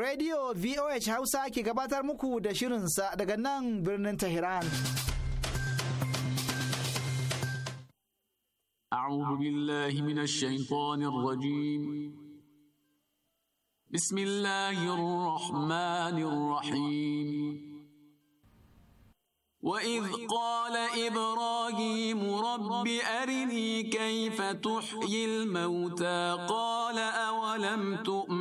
radio vih hausa ke gabatar muku da shirinsa daga nan birnin tehran. a abu biillahi mina shimfonin rajim. bisimillahirrahmanirrahim. وإذ قال إبراهيم رب أرني كيف تحيي الموتى قال أولم تؤمن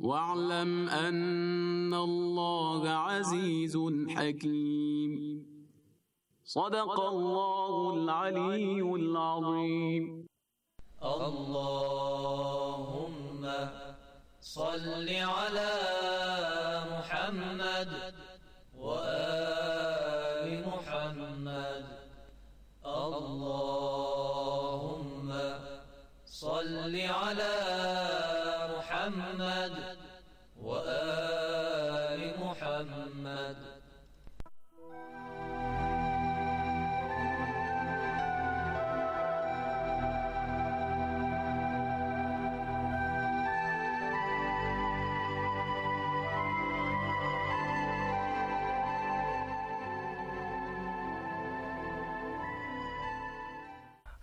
واعلم أن الله عزيز حكيم صدق الله العلي العظيم اللهم صل على محمد وآل محمد اللهم صل على محمد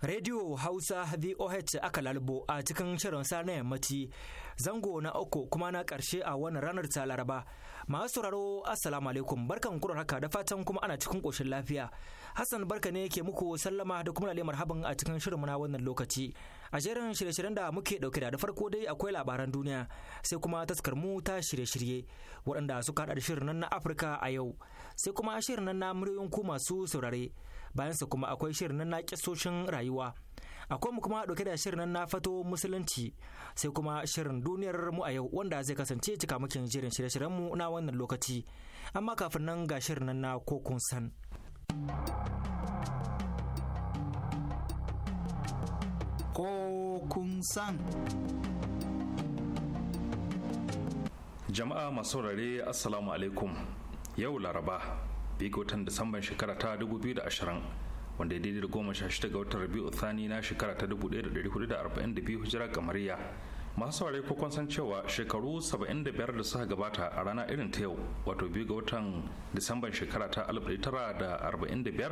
Radio Hausa VOH aka lalbo a cikin shirin sa na yammaci zango na uku kuma na ƙarshe a wannan ranar ta Laraba. Masu sauraro Assalamu alaikum barkan kurar haka da fatan kuma ana cikin ƙoshin lafiya. Hassan barka ne ke muku sallama da kuma lalle marhaban a cikin shirin na wannan lokaci. A jerin shirye-shiryen da muke ɗauke da da farko dai akwai labaran duniya sai kuma taskar mu ta shirye-shirye waɗanda suka haɗa da shirin nan na Afirka a yau sai kuma shirin nan na muryoyin ku masu saurare. bayansa kuma akwai shirin na kisoshin rayuwa akwai mu kuma dauke da shirin na fato musulunci sai kuma shirin duniyar mu a yau wanda zai kasance cikamakin jirin shirye-shiryen mu na wannan lokaci amma kafin nan ga shirin na kokun san kokun san jama'a masaurare asalamu assalamu alaikum yau laraba biyu ga watan disamban shekara ta 2020 wanda ya daidai da goma sha shida ga watan rabi'u thani na shekara ta 1442 hijira kamariya masu saurari ko kun san cewa shekaru 75 da suka gabata a rana irin ta yau wato biyu ga watan disamban shekara ta 1945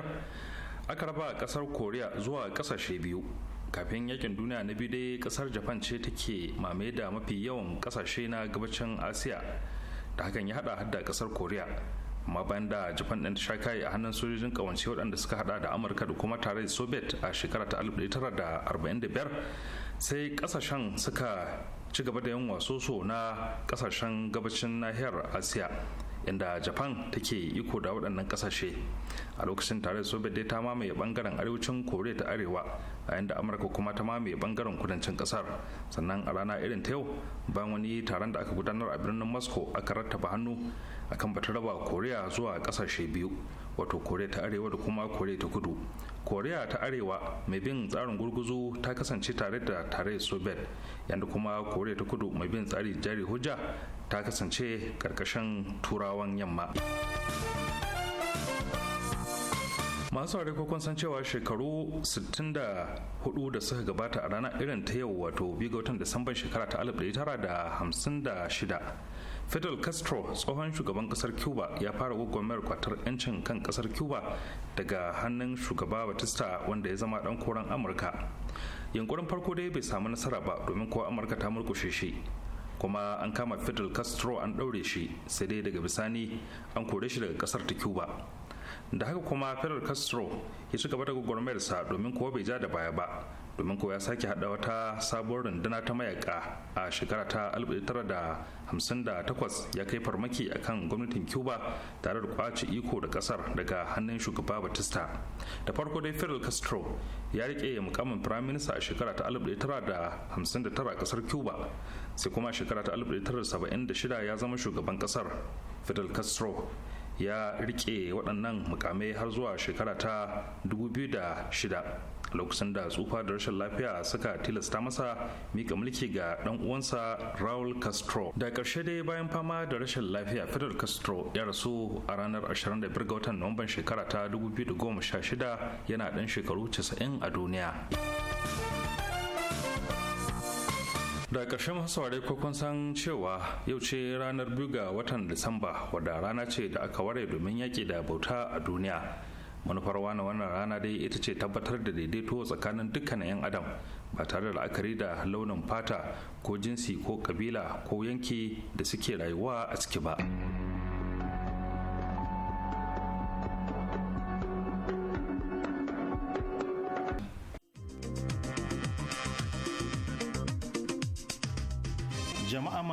aka raba kasar koriya zuwa kasashe biyu kafin yakin duniya na biyu dai kasar japan ce take mame da mafi yawan kasashe na gabacin asiya da hakan ya hada hada kasar koriya amma bayan da japan ɗin ta sha a hannun sojojin kawance waɗanda suka hada da amurka da kuma tare da soviet a shekara ta 1945 sai kasashen suka ci gaba da yin soso na ƙasashen gabacin nahiyar asiya inda japan take iko da waɗannan kasashe a lokacin tare da soviet dai ta mamaye bangaren arewacin korea ta arewa a da amurka kuma ta mamaye bangaren kudancin ƙasar sannan a rana irin ta yau bayan wani taron da aka gudanar a birnin moscow aka rattaba hannu akan bata raba koriya zuwa kasashe biyu wato koriya ta arewa da kuma koriya ta kudu koriya ta arewa mai bin tsarin gurguzu ta kasance tare da tare soviet yadda kuma koriya ta kudu mai bin tsari jari hujja ta kasance karkashin turawan yamma masu saurari ko san cewa shekaru 64 da suka gabata a ranar irin ta yau wato biyu ga watan disamban shekara ta 1956 fidel castro tsohon shugaban kasar cuba ya fara gwagwarmayar kwatar 'yancin kan kasar cuba daga hannun shugaba batista wanda ya zama dan koren amurka yankurin farko dai bai samu nasara ba domin kuwa amurka ta murkushe shi kuma an kama fidel castro an ɗaure shi sai dai daga bisani an kore shi daga kasar ta cuba da haka kuma fidel castro ya ci gaba da gwagwarmayarsa domin kuwa bai ja da baya ba domin kuwa ya sake hada wata sabuwar runduna ta mayaka a shekara ta 1958 ya kai farmaki akan gwamnatin cuba tare da kwace iko da kasar daga hannun shugaba batista da farko dai fidel castro ya rike mukamin firaminista a shekara ta 1959 a kasar cuba sai kuma shekara ta 1976 ya zama shugaban kasar fidel castro ya rike waɗannan mukamai har zuwa shekara ta 2006 lokacin da tsufa da rashin lafiya suka tilasta masa mika mulki ga dan uwansa Raul Castro. Da karshe dai bayan fama da rashin lafiya Fidel Castro ya rasu a ranar 25 ga watan Nuwamban shekara ta 2016 yana dan shekaru 90 a duniya. da ƙarshe masu ko san cewa yau ce ranar biyu ga watan disamba wadda rana ce da aka ware domin yaƙi da bauta a duniya manufar wani wannan rana dai ita ce tabbatar da daidaito tsakanin dukkanin 'yan adam ba tare da la'akari da launin fata ko jinsi ko kabila ko yanki da suke rayuwa a ciki ba.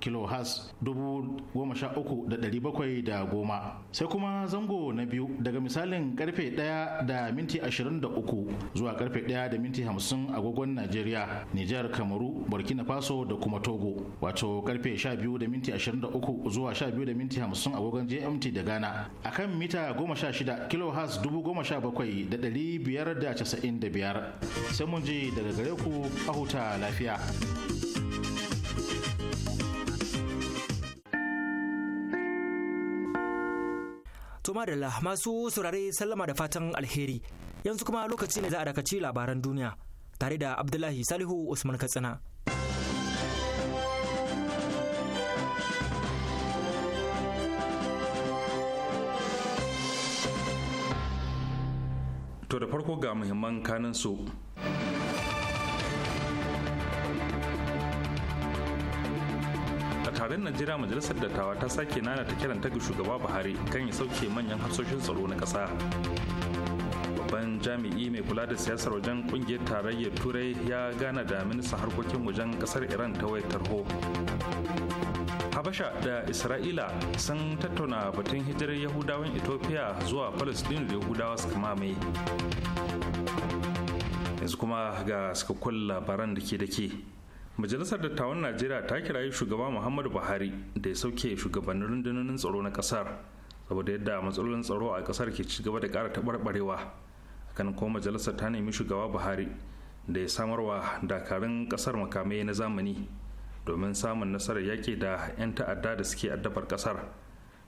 kilohertz dubu goma sha uku da ɗari bakwai da goma sai kuma zango na biyu daga misalin karfe ɗaya da minti ashirin da uku zuwa karfe ɗaya da minti hamsin agogon najeriya nijar kamaru burkina faso da kuma togo wato karfe sha biyu da minti ashirin da uku zuwa sha biyu da minti hamsin agogon gmt da ghana akan mita goma sha shida kilohertz dubu goma sha bakwai da ɗari biyar da casa'in da biyar sai mun ji daga gare ku a huta lafiya. To da masu saurare sallama da fatan alheri yanzu kuma lokaci ne za a dakaci labaran duniya tare da Abdullahi Salihu Usman Katsina. To da farko ga muhimman kanin su. tarayyar najeriya majalisar dattawa ta sake nana ta kiranta ga shugaba buhari kan ya sauke manyan hafsoshin tsaro na ƙasa babban jami'i mai kula da siyasar wajen kungiyar tarayyar turai ya gana da ministan harkokin wajen ƙasar iran ta wayar tarho habasha da isra'ila sun tattauna batun hijirar yahudawan ethiopia zuwa palestine da yahudawa suka mamaye yanzu kuma ga cikakkun labaran da ke da ke majalisar dattawan najeriya ta kirayi shugaba muhammadu buhari da ya sauke shugabannin rundunonin tsaro na kasar saboda yadda matsalolin tsaro a kasar ke ci gaba da kara taɓarɓarewa akan ko majalisar ta nemi shugaba buhari da ya samarwa dakarun kasar makamai na zamani domin samun nasarar yaƙi da 'yan ta'adda da suke addabar kasar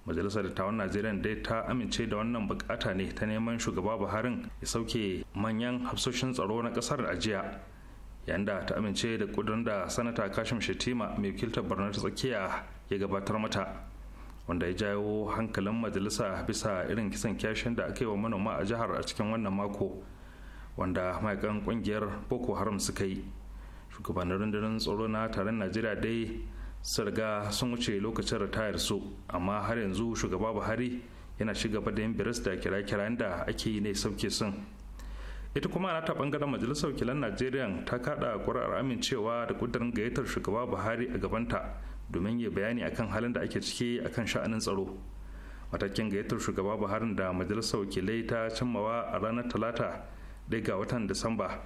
majalisar dattawan najeriya dai ta amince da wannan bukata ne ta neman shugaba buhari ya sauke manyan hafsoshin tsaro na kasar a jiya yayin ta amince da kudin da sanata kashim shetima mai wakiltar barnar ta tsakiya ya gabatar mata wanda ya jawo hankalin majalisa bisa irin kisan kyashin da aka yi wa manoma a jihar a cikin wannan mako wanda ma'aikan kungiyar boko haram suka yi shugabannin rundunar tsaro na taron najeriya dai sun riga sun wuce lokacin ritayar su amma har yanzu shugaba buhari yana shiga da yin biris da kira-kiran da ake yi ne sauke sun ita kuma ana ta bangaren majalisar wakilan najeriya ta kada kuri'ar amincewa da kudirin gayyatar shugaba buhari a gabanta domin ya bayani akan halin da ake ciki akan sha'anin tsaro matakin gayyatar shugaba buhari da majalisar wakilai ta cimmawa a ranar talata dai ga watan disamba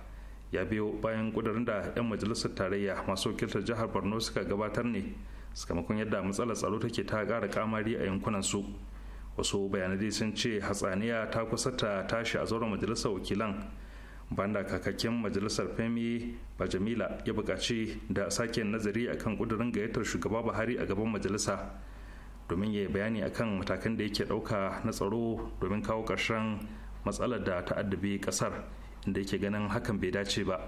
ya biyo bayan kudirin da 'yan majalisar tarayya masu wakiltar jihar borno suka gabatar ne sakamakon yadda matsalar tsaro take ta kara kamari a yankunan su wasu bayanai sun ce hatsaniya ta kusa ta tashi a zauren majalisar wakilan banda kakakin majalisar ba jamila ya buƙaci da sake nazari akan ƙudurin gayyatar shugaba buhari a gaban majalisa domin ya yi bayani akan matakan da yake ɗauka na tsaro domin kawo ƙarshen matsalar da ta'addabi ƙasar inda yake ganin hakan bai dace ba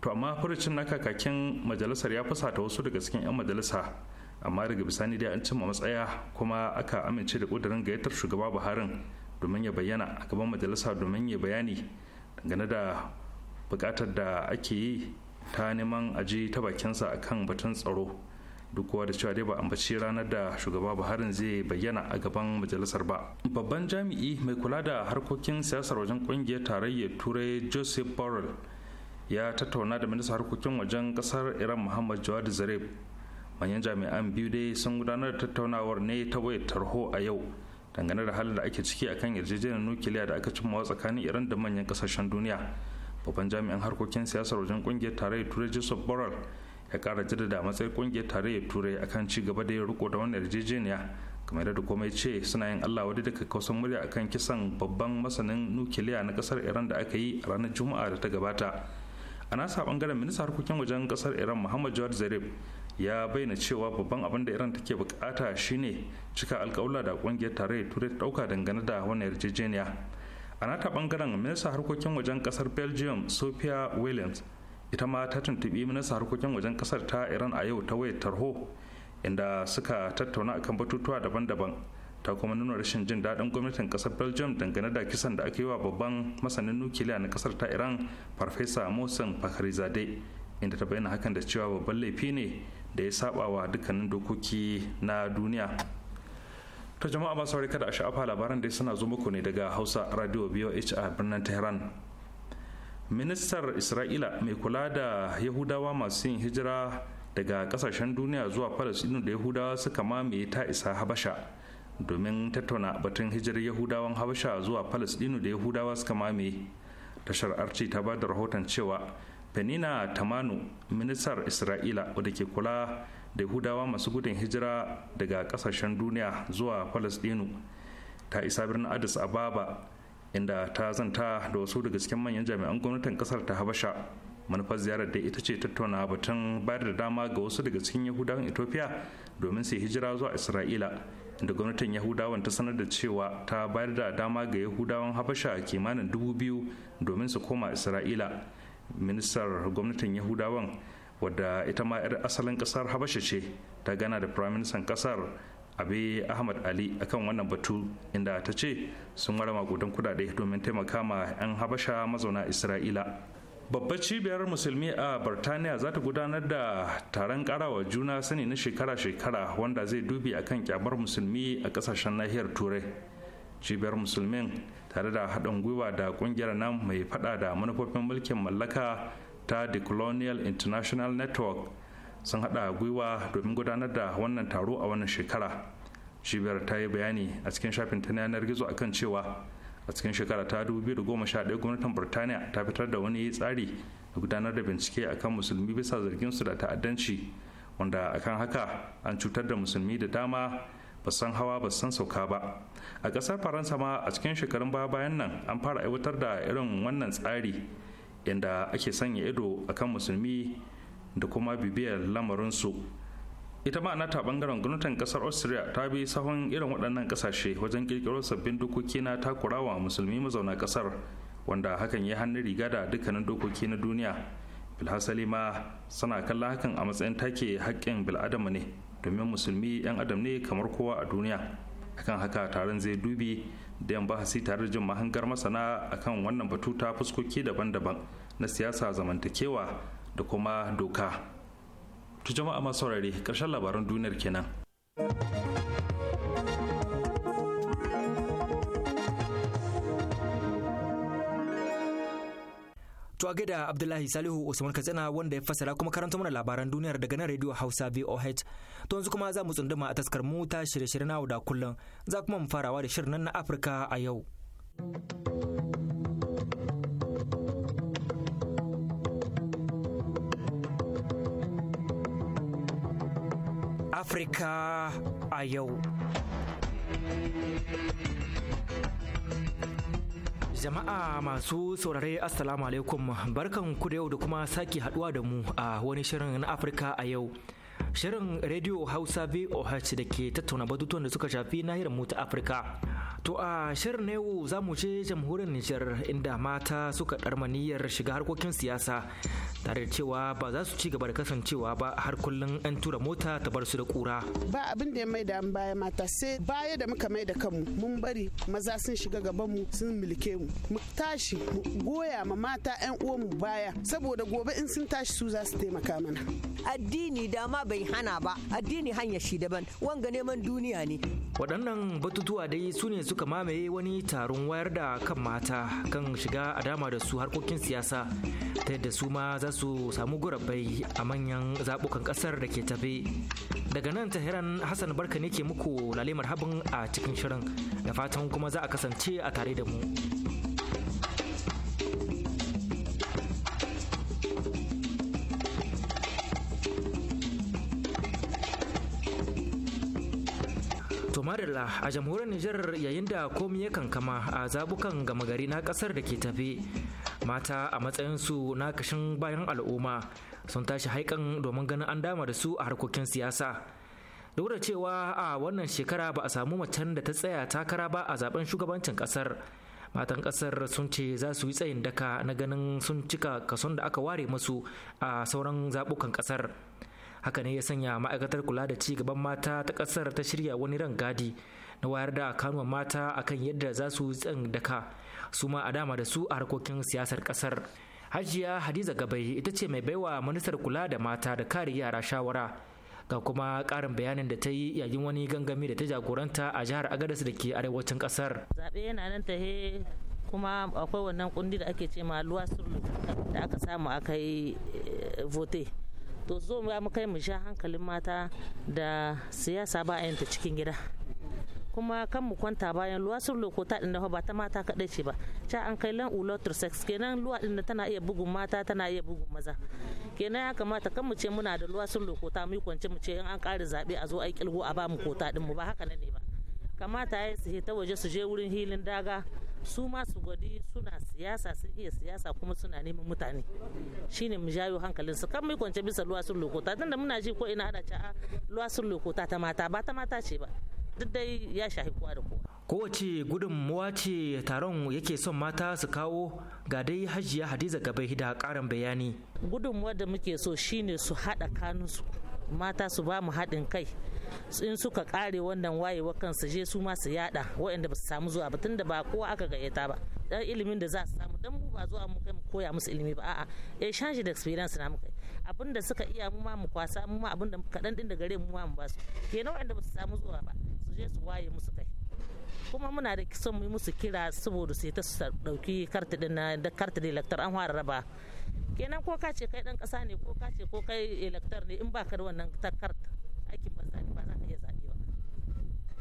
to amma furucin na kakakin majalisar ya fusata wasu daga cikin 'yan majalisa amma daga bisani dai an cimma matsaya kuma aka amince da ƙudurin gayyatar shugaba buharin domin ya bayyana a gaban majalisa domin ya bayani dangane da buƙatar da ake yi ta neman aji ta bakinsa a kan batun tsaro duk da cewa dai ba ambaci ranar da shugaba buharin zai bayyana a gaban majalisar ba babban jami'i mai kula da harkokin siyasar wajen kungiyar tarayyar turai joseph borrell ya tattauna da ministan harkokin wajen kasar iran muhammad jawad zarif manyan jami'an biyu dai sun gudanar da tattaunawar ne ta wayar tarho a yau dangane da halin da ake ciki akan yarjejeniyar nukiliya da aka cimmawa tsakanin iran da manyan kasashen duniya babban jami'an harkokin siyasar wajen kungiyar tarayyar turai joseph borrell ya kara jaddada matsayin kungiyar tarayyar turai akan ci gaba da yin riko da wannan yarjejeniya kamar yadda kuma ce suna yin allah wadda daga kausan murya akan kisan babban masanin nukiliya na kasar iran da aka yi a ranar juma'a da ta gabata a nasa bangaren ministan harkokin wajen kasar iran muhammad jawad zarif ya bayyana cewa babban abin da iran take bukata shine cika alkawla da kungiyar tarayyar turai dauka dangane da wannan yarjejeniya a nata bangaren minista harkokin wajen kasar belgium sophia williams ita ma ta tuntubi minista harkokin wajen kasar ta iran a yau ta wayar tarho inda suka tattauna akan batutuwa daban-daban ta kuma nuna rashin jin daɗin gwamnatin ƙasar belgium dangane da kisan da aka yi wa babban masanin nukiliya na ƙasar ta iran farfesa mohsen fakhrizadeh inda ta bayyana hakan da cewa babban laifi ne da ya saba wa dukkanin dokoki na duniya ta jama'a masu saurari kada a sha'afa labaran da suna zo muku ne daga hausa radio biyu a birnin tehran ministar isra'ila mai kula da yahudawa masu yin hijira daga kasashen duniya zuwa falasinu da yahudawa suka mamaye ta isa habasha domin tattauna batun hijirar yahudawan habasha zuwa falasɗinu da yahudawa suka mamaye tashar arci ta ba da rahoton cewa penina tamanu ministar isra'ila wadda ke kula da yahudawa masu gudun hijira daga kasashen duniya zuwa Falasdinu, ta isa birnin addis ababa inda ta zanta da wasu daga cikin manyan jami'an gwamnatin kasar ta habasha manufar ziyarar da ita ce tattauna batun bayar da dama ga wasu daga cikin yahudawan ethiopia domin su hijira zuwa isra'ila inda gwamnatin yahudawan ta sanar da cewa ta bayar da dama ga yahudawan habasha kimanin dubu biyu domin su koma isra'ila ministar gwamnatin yahudawan wadda ita ma 'yar asalin kasar habasha ce ta gana da firaministan kasar abe ahmad ali akan wannan batu inda ta ce sun mara makudan kudade domin taimaka ma 'yan habasha mazauna isra'ila babbar cibiyar musulmi a birtaniya za ta gudanar da taron karawa juna sani na shekara-shekara wanda zai dubi akan kyamar musulmi a kasashen nahiyar turai cibiyar musulmin tare da haɗin gwiwa da ƙungiyar nan mai faɗa da manufofin mulkin mallaka ta the colonial international network sun haɗa gwiwa domin gudanar da wannan taro a wannan shekara cibiyar ta yi bayani a cikin shafin ta yanar gizo akan cewa a cikin shekara ta 2011 gwamnatin burtaniya ta fitar da wani tsari da gudanar da bincike akan musulmi bisa zargin su da ta'addanci wanda akan haka an cutar da musulmi da dama ba san hawa ba san sauka ba a ƙasar faransa ma a cikin shekarun baya bayan nan an fara aiwatar da irin wannan tsari inda ake sanya ido akan musulmi da kuma bibiyar lamarinsu ita ma ta bangaren gwamnatin kasar austria ta bi sahun irin waɗannan ƙasashe wajen ƙirƙiro sabbin dokoki na takurawa musulmi mazauna ƙasar wanda hakan ya hannun riga da dukkanin dokoki na duniya bilhassali ma suna kalla hakan a matsayin take haƙƙin bil'adama ne domin musulmi 'yan adam ne kamar kowa a duniya akan haka taron zai dubi da yan bahasi tare da jin mahangar masana akan wannan batu ta fuskoki daban-daban na siyasa zamantakewa da kuma doka to jama'a masu saurare ƙarshen labaran duniyar kenan To a gaida Abdullahi Salihu Usman Katsina wanda ya fassara kuma karanta mana labaran duniyar daga nan Radio Hausa VOH. To yanzu kuma za mu tsunduma a taskar mu ta shirye-shirye na da kullum. Za kuma mu farawa da shirin nan na Afirka a yau. Afirka a yau. Jama'a masu saurare Assalamu alaikum barkan ku da yau da kuma sake haduwa da mu a wani shirin na Afirka a yau. shirin Radio Hausa VOH da ke tattauna batutuwan da suka shafi nahiyar mu ta Afirka. To a shirin na yau za mu je jamhuriyar Nijar inda mata suka ɗarmaniyar shiga harkokin siyasa tare da cewa ba za su ci gaba da kasancewa ba har kullum an tura mota ta bar su da kura. Ba abin da ya mai da an baya mata sai baya da muka mai da kanmu mun bari maza sun shiga gaban mu sun milke mu mu tashi mu goya ma mata 'yan uwanmu baya saboda gobe in sun tashi su za su taimaka mana. Addini dama bai hana ba addini hanyar shi daban wanga neman duniya ne waɗannan batutuwa dai su ne suka mamaye wani taron wayar da kan mata kan shiga a dama da su harkokin siyasa ta yadda su ma za su samu gurabbai a manyan zaɓukan ƙasar da ke tafe daga nan tahiran hassan barka ne ke muku lalimar habin a cikin shirin da fatan kuma za a kasance a tare da mu Amarilla a jamhuriyar Nijar yayin da komai ya kankama a zabukan gama gari na kasar da ke tafe mata a matsayin su na kashin bayan al'umma sun tashi haikan domin ganin an dama da su a harkokin siyasa duk da cewa a wannan shekara ba a samu macen da ta tsaya takara ba a zaben shugabancin kasar matan kasar sun ce za su yi tsayin daka na ganin sun cika kason da aka ware musu a sauran zabukan kasar haka ne ya sanya ma'aikatar kula da ci gaban mata ta kasar ta shirya wani rangadi na wayar da kanuwa mata akan yadda za su daka su ma a dama da su a harkokin siyasar kasar hajiya hadiza gabai ita ce mai baiwa ministar kula da mata da kare yara shawara ga kuma karin bayanin da ta yi yayin wani gangami da ta jagoranta a jihar agadas da ke arewacin kasar zaɓe yana nan ta he kuma akwai wannan kundi da ake ce ma luwa da aka samu aka yi eh, vote to so ya mu kai mu sha hankalin mata da siyasa ba ta cikin gida kuma kan mu kwanta bayan luwa sun lokota din da ba ta mata kadai ce ba ca an kai lan ulotur sex kenan luwa din da tana iya bugun mata tana iya bugun maza kenan ya kamata kan mu ce muna da luwa lokota mu kwance mu ce in an kare zaɓe a zo ai kilgo a ba mu kota din mu ba haka ne ba kamata ya su ta waje su je wurin hilin daga su ma su gwadi suna siyasa sun iya siyasa kuma suna neman mutane shine mu jayo hankalin su kan mai kwance bisa luwasun lokota tunda muna ji ko ina ana cewa luwasun lokota ta mata ba ta mata ce ba duk dai ya shahi kowa da kowa kowace gudunmuwa ce taron yake son mata su kawo ga dai hajiya hadiza gabai da karin bayani gudunmuwa da muke so shine su haɗa kanunsu mata su ba mu haɗin kai in suka kare wannan wayewa kansu je su ma su yada waɗanda ba su samu zuwa ba tunda ba kowa aka gayyata ba dan ilimin da za su samu dan mu ba zuwa mu kai mu koya musu ilimi ba a'a eh change da experience na mu kai abinda suka iya mu ma mu kwasa mu ma abinda da kadan din da gare mu ma mu ba su kenan waɗanda ba su samu zuwa ba su je su waye musu kai kuma muna da son mu yi musu kira saboda sai ta dauki karta din na da karti da elector an fara raba kenan ko ka ce kai dan kasa ne ko ka ce ko kai elector ne in ba ka da wannan karta aikin banza ba za ka iya zaɓe ba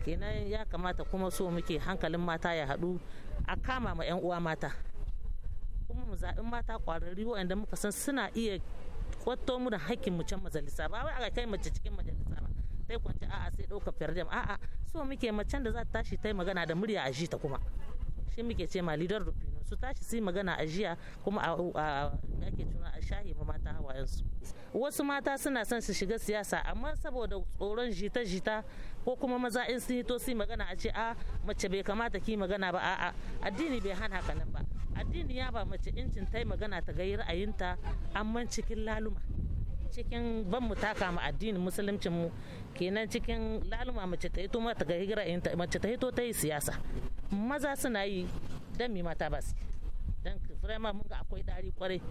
kenan ya kamata kuma so muke hankalin mata ya haɗu a kama ma 'yan uwa mata kuma mu zaɓi mata ƙwararri waɗanda muka san suna iya kwato mu da hakkin mu can majalisa ba wai aka kai mace cikin majalisa ba sai kwanci a'a sai ɗaukar fardem a'a so muke macen da za ta tashi ta yi magana da murya a ta kuma shi muke ce ma lidar rufino su tashi su magana a jiya kuma a ake tuna a shahi ma mata hawayensu wasu mata suna son su shiga siyasa amma saboda tsoron jita-jita ko kuma maza in sun hito su magana a ce a mace bai kamata ki magana ba a'a addini bai hana haka nan ba addini ya ba mace incin tai magana ta ga ra'ayinta amma cikin laluma cikin ban mu taka mu addinin musuluncin mu kenan cikin laluma mace ta hito mata ga hijira mace ta hito ta yi siyasa maza suna yi dan mi mata ba su dan firama mun ga akwai dari kwarai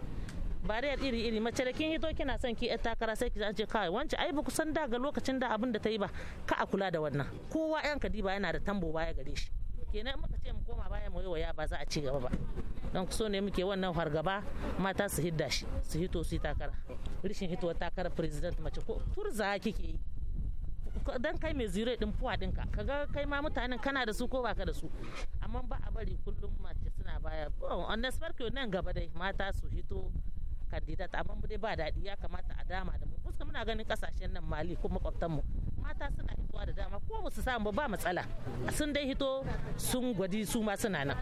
bariyar iri iri mace da kin hito kina son ki yar takara sai ki ce kawai wance ai ba kusan da ga lokacin da abin da ta yi ba ka a kula da wannan kowa yan kadiba yana da tambo baya gare shi kenan muka ce mu koma baya mu yi waya ba za a ci gaba ba don so ne muke wannan fargaba mata su hidda shi su hito su yi takara rishin hitowa takara president mace ko turza kike yi dan kai mai zire din fuwa ka kaga kai ma mutanen kana da su ko baka da su amma ba a bari kullum mace suna baya on the spark nan gaba dai mata su hito kandidat amma mu dai ba daɗi ya kamata a dama da mu fuska muna ganin kasashen nan mali ko makwabtan mu mata suna hitowa da dama ko ba su samu ba matsala sun dai hito sun gwadi su ma suna nan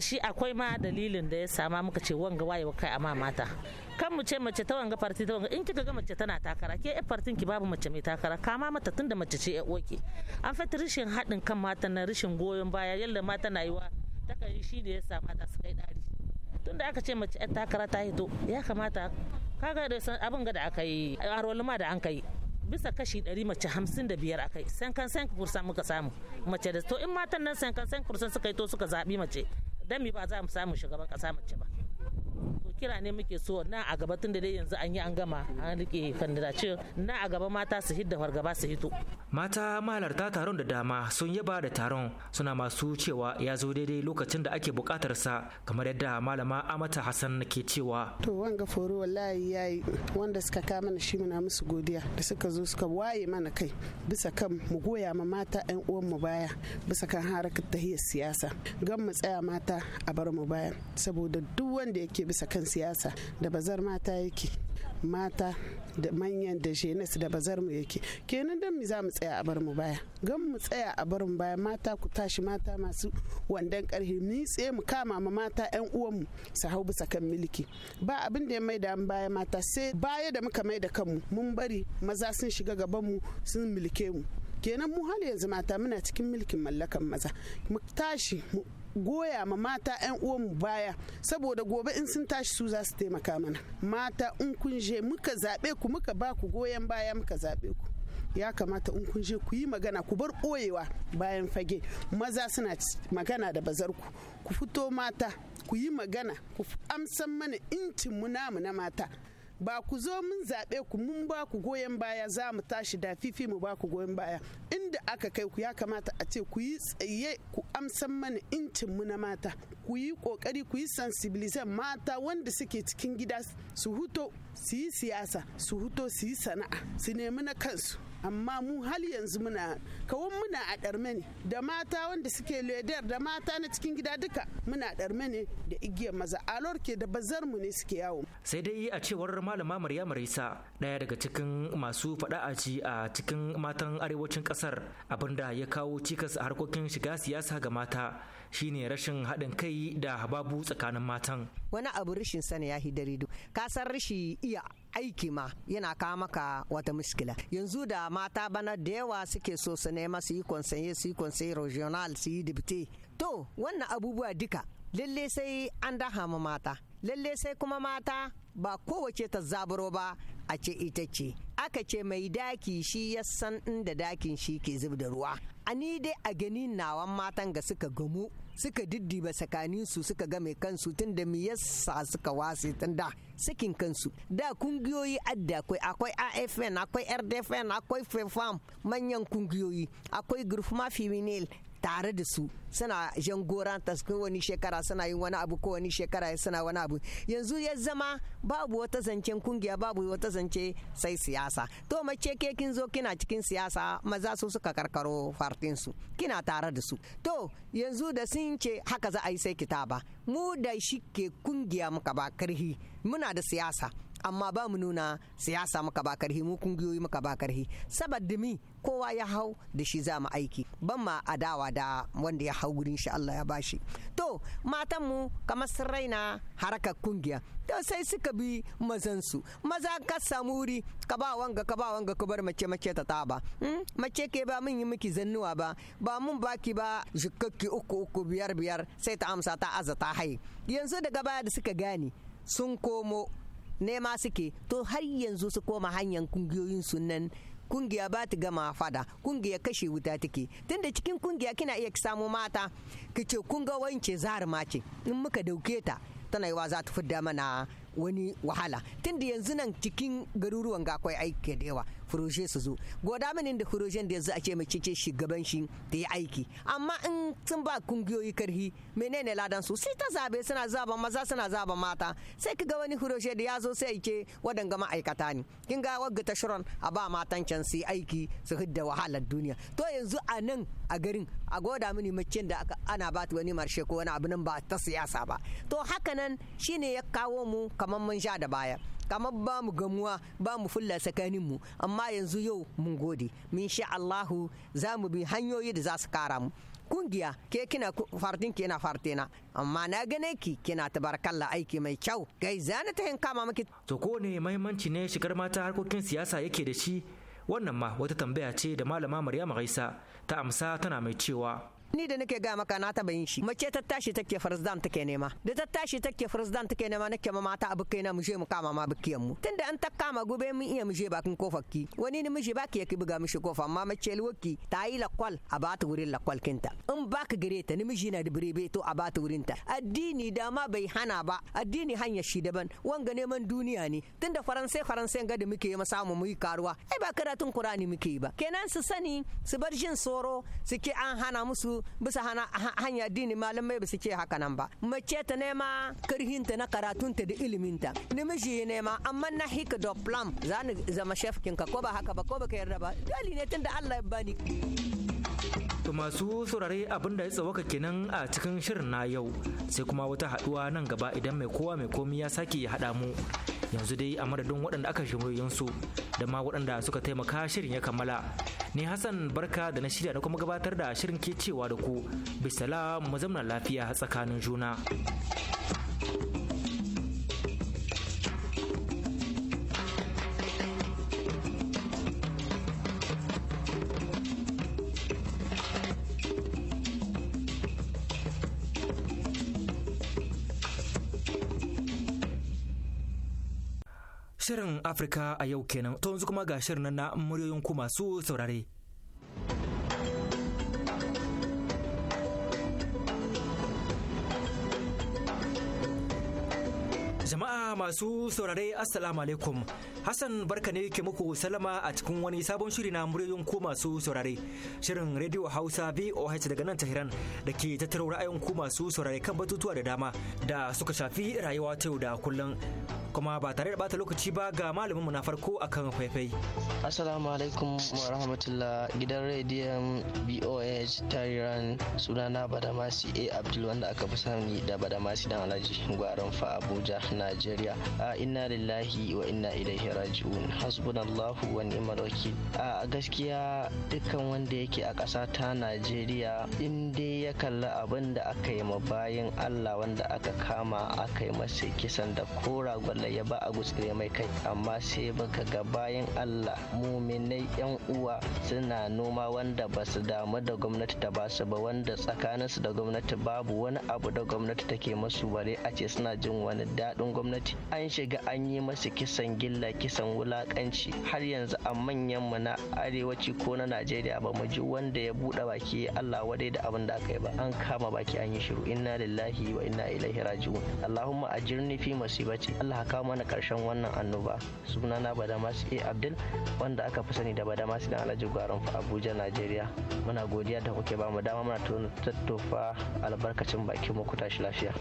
shi akwai ma dalilin da ya sama muka ce wanga waye wa kai amma mata kan mu ce mace ta wanga farti ta wanga in kika ga mace tana takara ke yar fartin ki babu mace mai takara kama mata tunda mace ce ya oke an fata rishin haɗin kan mata na rishin goyon baya yalla mata na yiwa takan yi shi da ya sama ta su kai ɗari tunda aka ce mace yar takara ta hito ya kamata kaga da abin ga da aka yi arolima da an kai bisa kashi dari mace hamsin da biyar akai sankan sankan kursan muka samu mace da to in matan nan sankan sankan kursan suka yi to suka zaɓi mace don mi ba za mu samu shugaban kasa mace ba kira ne muke so na a gaba tun da dai yanzu an yi an gama an rike kandidace na a gaba mata su hidda fargaba su hito mata mahalarta taron da dama sun yaba da taron suna masu cewa ya zo daidai lokacin da ake bukatar sa kamar yadda malama amata hassan ke cewa to wanga foro wallahi yayi wanda suka kama mana shi muna musu godiya da suka zo suka waye mana kai bisa kan mu goya ma mata ɗan uwan mu baya bisa kan harakar tahiyar siyasa gan mu tsaya mata a bar mu baya saboda duk wanda yake bisa kan siyasa da bazar mata yake mata da manyan da jenis da bazar mu yake kenan dan mu za mu tsaya a bar mu baya gan mu tsaya a bar mu baya mata ku tashi mata masu wandan karhe ni tsaye mu kama ma mata yan uwan mu su hau bisa kan miliki ba abin da ya da an baya mata sai baya da muka mai da kanmu mun bari maza sun shiga gaban mu sun milike mu kenan mu hali yanzu mata muna cikin milkin mallakan maza mu tashi mu goya ma mata 'yan uwanmu baya saboda gobe in sun tashi su za su taimaka mana mata in kun je muka zaɓe ku muka ba ku goyon baya muka zaɓe ku ya kamata in kun je ku yi magana ku bar ɓoyewa bayan fage maza suna magana da bazar ku fito mata ku yi magana ku amsan mana incin mu namu na mata ba ku zo mun zaɓe ku mun ba ku goyon baya za mu tashi da fifi mu ba ku goyon baya inda aka kai ku ya kamata a ce ku yi tsaye ku amsan mana incin mu na mata ku yi kokari ku yi sensibilizan mata wanda suke cikin gida su huto su yi siyasa su huto su yi sana'a su nemi na kansu amma mu hal yanzu muna kawun muna a ɗarme ne da mata wanda suke ledar da mata na cikin gida duka muna ɗarme ne da igiyar maza alor ke da bazar mu ne suke yawo sai dai a cewar malama marya marisa ɗaya daga cikin masu faɗa a ci a cikin matan arewacin ƙasar abinda ya kawo cikas a harkokin shiga siyasa ga mata shine rashin haɗin kai da babu tsakanin matan wani abu rashin sani ya hidari ka san rashi iya aiki ma yana kawo maka wata muskila yanzu da mata bana da yawa suke so su nema su yi konseye su yi konseye regional su yi dibite to wannan abubuwa duka lalle sai an dahama mata lalle sai kuma mata ba kowace ta zaburo ba a ce ita ce aka ce mai daki shi ya san inda dakin shi ke zub da ruwa a ni dai a gani nawan matan ga suka gamu suka diddiba tsakanin su suka ga mai kansu tun da mi yasa suka wase tun da sakin kansu da kungiyoyi adda akwai akwai afn akwai rdfn akwai fefam manyan kungiyoyi akwai group mafi tare da su suna jan goran tasku wani shekara suna yin wani abu ko wani shekara suna wani abu yanzu ya zama babu wata zancen kungiya babu wata zance sai siyasa to mace ke kin zo kina cikin siyasa maza su suka karkaro fartin su kina tare da su to yanzu da sun ce haka za a yi sai kitaba mu da shi ke kungiya muka ba karhi muna da siyasa amma ba mu nuna siyasa maka ba karhi mu kungiyoyi muka ba karhi saboda mi kowa ya hau da shi za mu aiki ban ma adawa da wanda ya hau gurin shi Allah ya bashi to matan mu kamar sun raina harakar kungiya to sai suka bi mazan su maza ka samu wuri ka ba wanga ka ba wanga ka bar mace mace ta taba hmm? mace ke ba mun yi miki zannuwa ba ba mun baki ba jikakki uku uku biyar biyar sai ta amsa ta aza ta hai yanzu daga baya da suka gane sun komo nema suke to har yanzu su koma hanyar kungiyoyin sunan kungiya ba ta gama fada kungiya kashe wuta take tunda cikin kungiya kina iya samu mata ki ce kun wance zahar mace in muka dauke ta tana wa za ta fidda mana wani wahala tunda yanzu nan cikin garuruwan ga akwai aiki da yawa furoje su zo goda mini da furojen da yanzu ake mai shi shugaban shi da ya aiki amma in sun ba kungiyoyi karhi menene ladan su sai ta zabe suna zaba maza suna zaba mata sai kaga wani furoje da ya zo sai wadan wadanga ma'aikata ne kin ga wagga ta shiron a ba matan can su aiki su hidda wahalar duniya to yanzu a nan a garin a goda mini macen da ana ba ta wani marshe ko wani abu nan ba ta siyasa ba to haka nan shine ya kawo mu kamar mun sha da baya kamar ba mu gamuwa ba mu fulla tsakanin mu amma yanzu yau mun gode mun sha Allahu za mu bi hanyoyi da za su kara mu kungiya ke kina fartin kina fartina amma na gane ki kina tabarkalla aiki mai kyau gai zana ta kama maki to ko ne mahimmanci ne shigar mata harkokin siyasa yake da shi wannan ma wata tambaya ce da malama Maryam Gaisa ta amsa tana mai cewa ni da nake ga maka na taba yin shi mace ta tashi take farzdan take nema da ta tashi take farzdan take nema nake ma mata abu kaina mu je mu kama ma bukiyan mu tunda an ta kama gobe mun iya mu je bakin kofar ki wani ni miji baki ki buga mishi kofa amma mace lwaki ta yi lakwal a ba ta wurin lakwal kinta in baka gare ta ni miji na da birebe to a ba ta wurin ta addini da ma bai hana ba addini hanya shi daban wanga neman duniya ne tunda faransai faransai ga da muke ma samu mu yi karuwa ai ba karatun qur'ani muke yi ba kenan su sani su bar jin tsoro suke an hana musu yanzu bisa hanya dini malamai bisa ke ce haka nan ba mace ta nema karhinta na karatunta da iliminta namiji nema amma na hika da plum za ni zama shafkinka ko ba haka ba ko ba ka yarda ba dali ne tun da Allah ya bani To masu saurare abin da ya tsawaka kenan a cikin shirin na yau sai kuma wata haduwa nan gaba idan mai kowa mai komi ya sake ya haɗa mu yanzu dai a madadin waɗanda aka shimoyin su da ma waɗanda suka taimaka shirin ya kammala. Ni Hassan Barka da na shirya da kuma gabatar da shirin ke cewa da ku bisala mu zamna lafiya tsakanin juna. Shirin Afrika a yau kenan, to yanzu kuma ga shirin na muryoyin ku masu saurare. Jama'a masu saurare Assalamu alaikum. Hassan barka ne ke muku salama a cikin wani sabon shiri na muryoyin ku masu saurare. Shirin Radio Hausa VOH daga nan Tahiran da ke tattaro ra'ayin ku masu saurare kan batutuwa da dama da suka shafi rayuwa ta yau da kullum. kuma ba tare da bata lokaci ba ga malamin mu na farko akan faifai. Assalamu alaikum wa rahmatullah gidan rediyon BOH Tariran sunana Badamasi A Abdul wanda aka fi sani da Badamasi dan Alhaji Gwaron fa Abuja Najeriya. A inna lillahi wa inna ilaihi raji'un. Hasbunallahu wa ni'mal wakil. A gaskiya dukkan wanda yake a ƙasa ta Najeriya in ya kalla abinda aka yi ma bayan Allah wanda aka kama aka yi masa kisan da ko Allah ya ba a gutsire mai kai amma sai baka ga bayan Allah muminai yan uwa suna noma wanda ba su damu da gwamnati ta ba su ba wanda tsakaninsu da gwamnati babu wani abu da gwamnati take masu bare a ce suna jin wani daɗin gwamnati an shiga an yi masu kisan gilla kisan wulakanci har yanzu a manyan mu na arewaci ko na Najeriya ba mu ji wanda ya buɗe baki Allah wadai da abin da aka yi ba an kama baki an yi shiru inna lillahi wa inna ilaihi raji'un Allahumma ajirni fi masibati Allah kawo mana karshen wannan annoba sunana badamasi a abdul wanda aka fi sani da badamasi dan alhaji gwaron abuja najeriya muna godiya da kuke mu dama muna tattofa albarkacin bakin mu tashi lafiya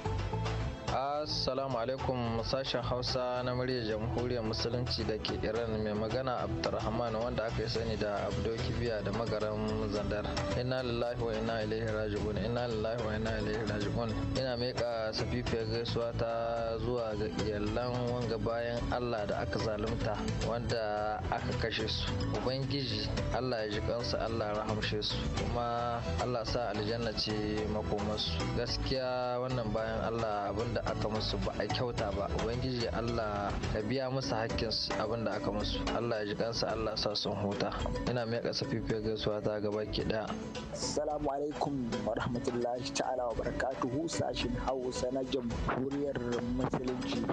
Assalamu alaikum sashen Hausa na murya jamhuriyar musulunci da ke Iran mai magana Abdulrahman wanda aka yi sani da abdoki biya da magaran Zandar. Ina lillahi wa ina ilaihi rajibun Ina lillahi wa ina ilaihi rajibun Ina mika safifiyar gaisuwa ta zuwa ga iyalan wanga bayan allah da aka zalunta wanda aka kashe su ubangiji allah ya ji kansu allah rahamshe su kuma allah sa aljanna ce makomarsu gaskiya wannan bayan allah abinda aka musu ba a kyauta ba ubangiji allah ka biya musu hakkin abinda aka musu allah ya ji kansu allah sa sun huta ina mai kasa fifiyar gaisuwa ta gaba ke da assalamu alaikum wa rahmatullahi ta'ala wa barakatuhu sashin hausa na jamhuriyar musulunci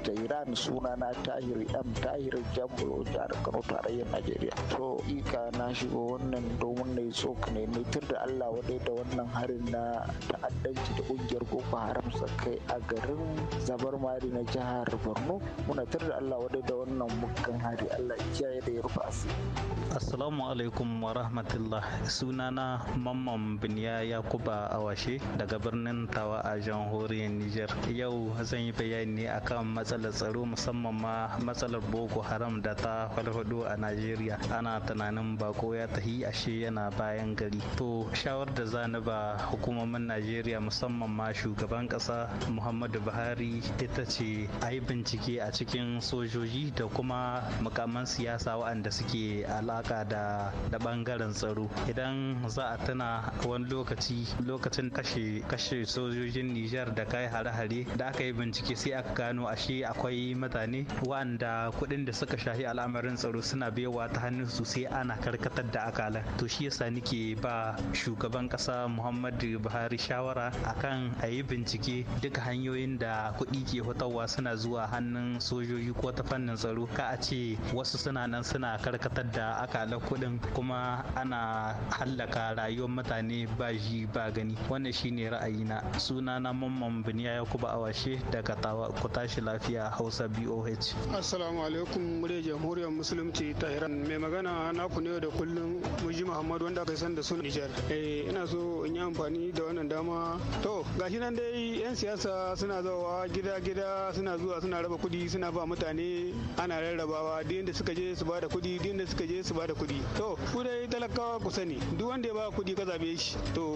ta iran sunana tahir m tahir jambulo jihar kano tarayyar najeriya to ika na shigo wannan domin na yi tsokane ne tur da allah wadai da wannan harin na ta'addanci da kungiyar boko haram kai a garin zabar mari na jihar borno muna tur da allah wadai da wannan mukan hari allah kiyaye da ya rufe asiri assalamu alaikum wa rahmatullah sunana mamman biniya yakuba awashe daga birnin tawa a jamhuriyar niger yau zan yi bayani akan matsalar tsaro musamman ma matsalar boko haram da ta farfado a najeriya ana tunanin bako ya tahi ashe yana bayan gari to shawar da za ni ba hukumomin najeriya musamman ma shugaban kasa muhammadu buhari ita ce a yi bincike a cikin sojoji da kuma mukamman siyasa waɗanda suke alaka da da bangaren tsaro idan za a tuna wani lokaci lokacin kashe kashe sojojin nijar da kai hare-hare da aka yi bincike sai aka gano ashe ce akwai mutane wanda kuɗin da suka shafi al'amarin tsaro suna biyowa ta hannun su sai ana karkatar da akala to shi yasa nike ba shugaban ƙasa muhammadu buhari shawara akan a yi bincike duka hanyoyin da kuɗi ke fitowa suna zuwa hannun sojoji ko ta fannin tsaro ka a ce wasu suna nan suna karkatar da akala kuɗin kuma ana hallaka rayuwar mutane ba ji ba gani wannan shine ra'ayina sunana mamman biniya ba awashe daga tawa ku tashi lafiya lafiya hausa boh assalamu alaikum murya jamhuriyar musulunci ta iran mai magana naku ku da kullum muji muhammadu wanda aka san da sun nijar eh, ina so in yi amfani da wannan dama to gashi nan dai yan siyasa suna zawa gida gida suna zuwa suna raba kuɗi suna ba mutane ana rarrabawa duk inda suka je su ba da kuɗi duk inda suka je su ba da kuɗi to ku dai talakawa ku sani duk wanda ya ba kuɗi ka zabe shi to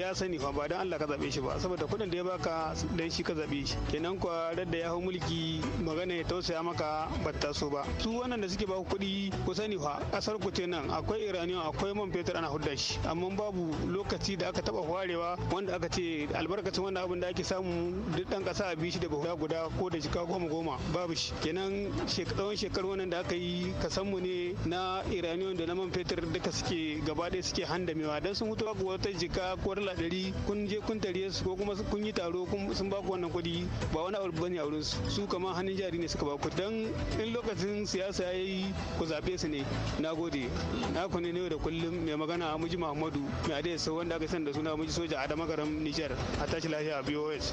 ya sani fa ba dan Allah ka zabe shi ba saboda kuɗin da ya baka dan shi ka zabe shi kenan kwa da ya hau mulki magana ya tausaya maka ba ta so ba su wannan da suke ba kuɗi ku sani fa kasar ku nan akwai iraniyan akwai man fetur ana hudda shi amma babu lokaci da aka taba warewa wanda aka ce albarkacin wannan abin da ake samu duk dan kasa a bi shi da bahuwa guda ko da jika goma goma babu shi kenan tsawon shekaru wannan da aka yi ka san mu ne na iraniyan da na man fetur duka suke gaba ɗaya suke handamewa dan sun hutu babu wata jika ko dala ɗari kun je kun tare su ko kuma kun yi taro sun baku wannan kuɗi ba wani abu bane a wurin su su ma hannun jari ne suka ba ku don in lokacin siyasa ya yi ku zaɓe su ne na gode na ku ne da kullum mai magana muji muhammadu mai adai sau wanda aka san da suna muji soja adama garam nijar a tashi lafiya bos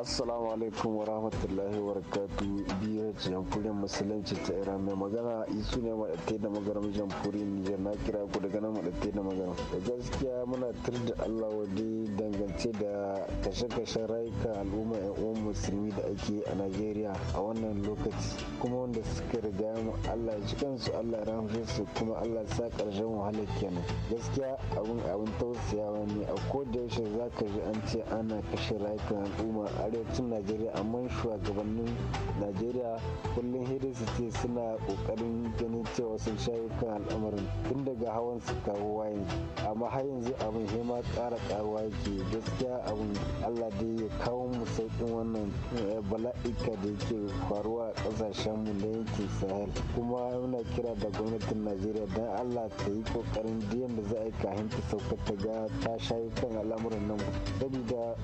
assalamu alaikum wa rahmatullahi wa barakatu biyar jamhuriyar musulunci ta iran mai magana isu ne maɗatai da magaram jamhuriyar nijar na kira ku daga nan maɗatai da magaram da gaskiya muna tur da allah waje dangance da kashe-kashen rayuka al'umma 'yan uwan musulmi da ake a najeriya najeriya a wannan lokaci kuma wanda suka riga mu allah ji kansu allah ramshe su kuma allah sa karshen wahalar kenan gaskiya abun abun tausayawa ne a koda yaushe za ka ji an ce ana kashe rayukan al'umma arewacin najeriya amma shugabannin najeriya kullum hidin su ce suna kokarin ganin cewa sun shayo kan al'amarin tun daga hawan su kawo wayan amma har yanzu abun sai ma ƙara karuwa yake gaskiya abun allah dai ya kawo mu sauƙin wannan eh, bala'ika da yake faruwa a kasashen mu na yankin sahel kuma muna kira da gwamnatin najeriya don allah ta yi kokarin diyan da za a yi kahin ta sauka ta ga ta shayi kan al'amuran nan saboda yi da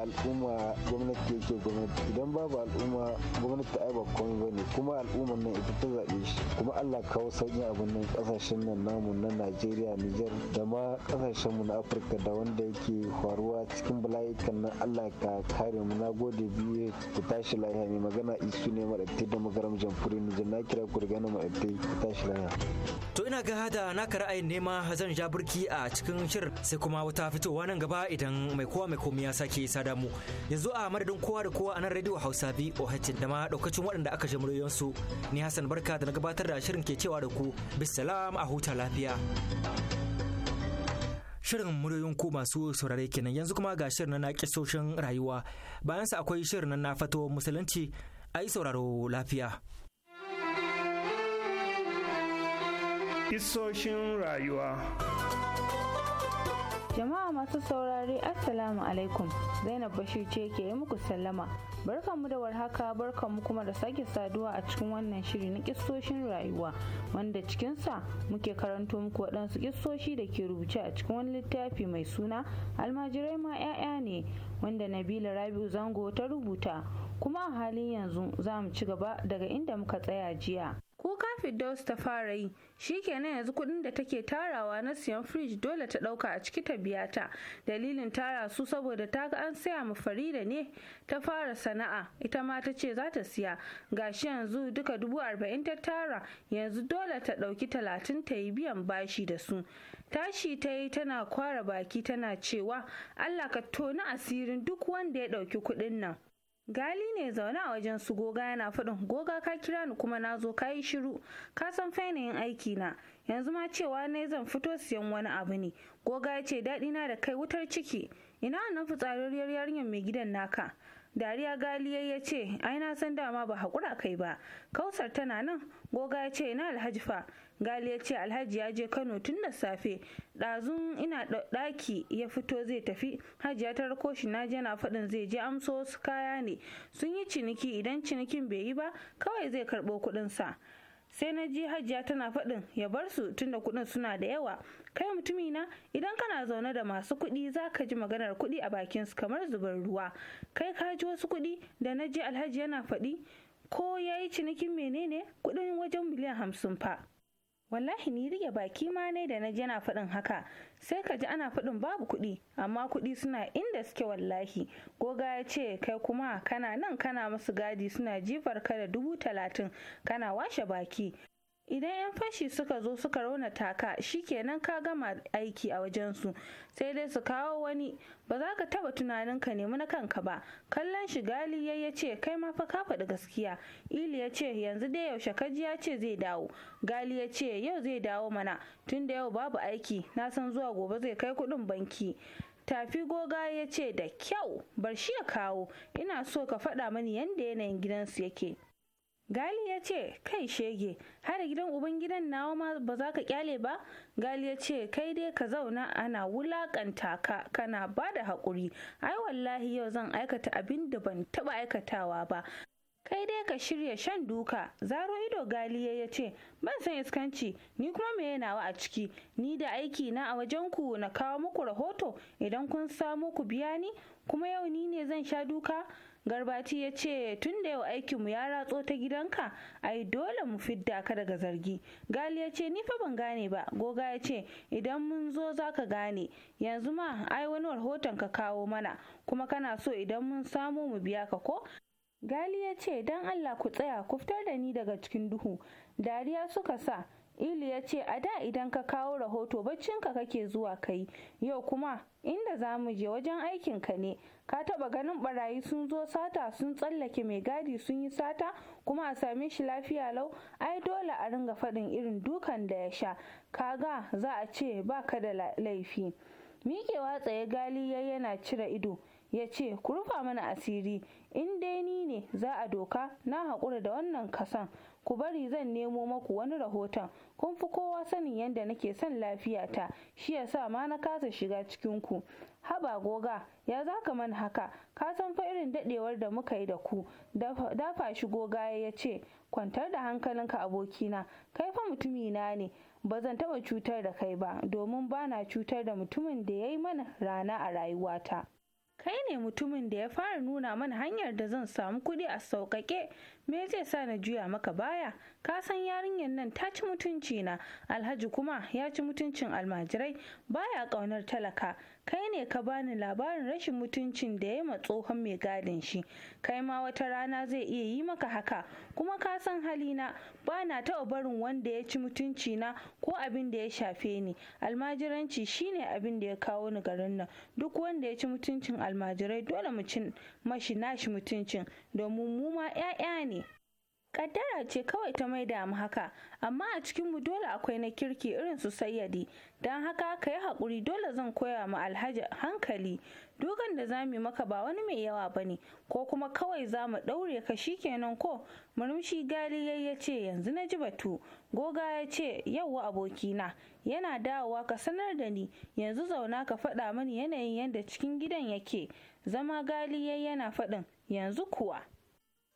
al'umma gwamnati yake gwamnati idan babu al'umma gwamnati ai ba komai ne kuma al'umman nan ita ta zaɓe shi kuma allah kawo sauƙi abin nan kasashen nan namu na najeriya nijar da ma kasashen mu na afirka da wanda yake faruwa cikin bala'ikan nan allah ka kare mu na gode biyu ku tashi lahiya magana mai magana isu ne maɗattai da magaram na kira ku daga nan maɗattai ta tashi laya. To ina ga hada naka ra'ayin nema zan ja burki a cikin shirin sai kuma wata fitowa nan gaba idan mai kowa mai komai ya sake sada mu. Yanzu a madadin kowa da kowa a nan radio Hausa bi OHC da ma daukacin waɗanda aka jamuriyon su ni Hassan Barka da na gabatar da shirin ke cewa da ku bisalam a huta lafiya. Shirin muryoyin ku masu saurare kenan yanzu kuma ga shirin na kisoshin rayuwa bayan sa akwai shirin na fato musulunci a yi sauraro lafiya. Kisoshin rayuwa Jama'a masu saurare Assalamu alaikum Zainab Bashir ce ke yi muku sallama. Barkanmu da warhaka mu kuma da sake saduwa a cikin wannan shiri na kistoshin rayuwa wanda cikinsa muke karanto muku waɗansu kistoshi da ke rubuce a cikin wani littafi mai suna almajirai ma 'ya'ya ne wanda nabila rabi'u zango ta rubuta kuma a halin yanzu za mu ci gaba daga inda muka tsaya jiya kuka da ta fara yi shi kenan yanzu kudin da take tarawa na siyan firij dole ta dauka a ciki ta biya ta dalilin tara su saboda ta ga an saya ma Farida ne ta fara sana'a ita ma ta ce za ta siya gashi yanzu duka dubu arba'in ta tara yanzu dole ta dauki talatin ta yi biyan bashi da su tashi ta yi tana kwara baki tana cewa allah ka toni asirin duk wanda ya ɗauki kuɗin nan gali ne zaune a wajen su goga yana faɗin goga ka kira ni kuma na zo ka yi shiru ka san fainayin aiki na yanzu ma cewa ne zan fito siyan wani abu ne goga ya ce daɗi na da kai wutar ciki ina wannan fitsararriyar yarinyar mai gidan naka dariya galiya ya ce ai na san dama ba haƙura kai ba kausar tana nan goga ya ce ina alhaji gali ya ce alhaji ya je kano tun da safe ɗazun ina ɗaki ya fito zai tafi hajiya ta rako shi na je na faɗin zai je amso su kaya ne sun yi ciniki idan cinikin bai yi ba kawai zai karɓo kuɗin sa sai na ji hajiya tana faɗin ya bar su tun da kuɗin suna da yawa kai mutumi na idan kana zaune da masu kuɗi za ka ji maganar kuɗi a bakin su kamar zubar ruwa kai ka ji wasu kuɗi da na ji alhaji yana faɗi ko ya yi cinikin menene kuɗin wajen miliyan hamsin fa wallahi ni rike baki ma ne da na ji na faɗin haka sai ka ji ana faɗin babu kuɗi amma kuɗi suna inda suke wallahi goga ya ce kai kuma kana nan kana musu gadi suna jifar ka da dubu talatin kana washe baki idan 'yan fashi suka zo suka raunata ka kenan ka gama aiki a wajensu sai dai su kawo wani ba za ka taba tunanin ka nemi na kanka ba kallon shi gali ya ce kai ma fa ka faɗi gaskiya ili ya ce yanzu dai yaushe kaji ya ce zai dawo gali ya ce yau zai dawo mana tun da yau babu aiki na san zuwa gobe zai kai kuɗin banki tafi goga ya ce da kyau bar shi ya kawo ina so ka faɗa mani yanda yanayin gidansu yake gali ya ce kai shege har gidan uban gidan nawa ma ba za ka kyale ba gali ya ce kai dai ka zauna ana wulakanta ka kana ba da haƙuri ai wallahi yau zan aikata abin da ban taɓa aikatawa ba kai dai ka shirya shan duka zaro ido galiya ya ce ban san iskanci ni kuma me nawa a ciki ni da aiki na a wajen ku na kawo muku rahoto idan kun samu ku biya ni kuma yau ni ne zan sha duka garbati ya ce tun da yau aikinmu ya ratso ta gidanka ai dole mu fidda ka daga zargi gali ya ce ni fa ban gane ba goga ya ce idan mun zo za ka gane yanzu ma ai wani rahoton ka kawo mana kuma kana so idan mun samu mu biya ka ko gali ya ce don allah ku tsaya ku fitar da ni daga cikin duhu dariya suka sa Ili ya ce a da idan ka kawo rahoto baccinka kake zuwa kai yau kuma inda za mu je wajen aikin ka ne ka taba ganin barayi sun zo sata sun tsallake mai gadi sun yi sata kuma a same shi lafiya lau ai dole a ringa faɗin irin dukan da ya sha kaga za a ce ba ka da laifi miƙewa tsaye gali ya yana cire ido ya ce ku rufa mana asiri in dai ni ne za a doka na haƙura da wannan kasan ku bari zan nemo maku wani rahoton kun fi kowa sanin yadda nake son lafiyata shi ya sa ma na kasa shiga cikin ku haba goga ya za ka man haka ka san fa irin daɗewar da muka yi da ku dafa shi goga ya ce kwantar da hankalinka abokina kai fa mutumina ne ba zan taɓa cutar da kai ba domin ba na cutar da mutumin da ya yi mana rana a rayuwata kai ne mutumin da ya fara nuna mana hanyar da zan samu kuɗi a sauƙaƙe me zai sa na juya maka baya ka san yarinyar nan ta ci mutunci na alhaji kuma ya ci mutuncin almajirai baya ƙaunar talaka kai ne ka bani labarin rashin mutuncin da ya ma tsohon mai gadin shi kai ma wata rana zai iya yi maka haka kuma ka san halina ba na taɓa barin wanda ya ci mutunci na ko abin da ya shafe ni almajiranci shine abin da ya kawo ni garin nan duk wanda ya ci mutuncin almajirai dole mu ci mashi nashi mutuncin domin mu ma 'ya'ya ne kaddara ce kawai ta maida mu haka amma a cikin mu dole akwai na kirki irin su sayyadi don haka ka yi haƙuri dole zan koya ma alhaji hankali dogon da za mu maka ba wani mai yawa ba ne ko kuma kawai za mu ɗaure ka shi kenan ko murmushi gali ya ce yanzu na ji batu goga ya ce yauwa abokina yana dawowa ka sanar da ni yanzu zauna ka faɗa mani yanayin yadda cikin gidan yake zama gali yana faɗin yanzu kuwa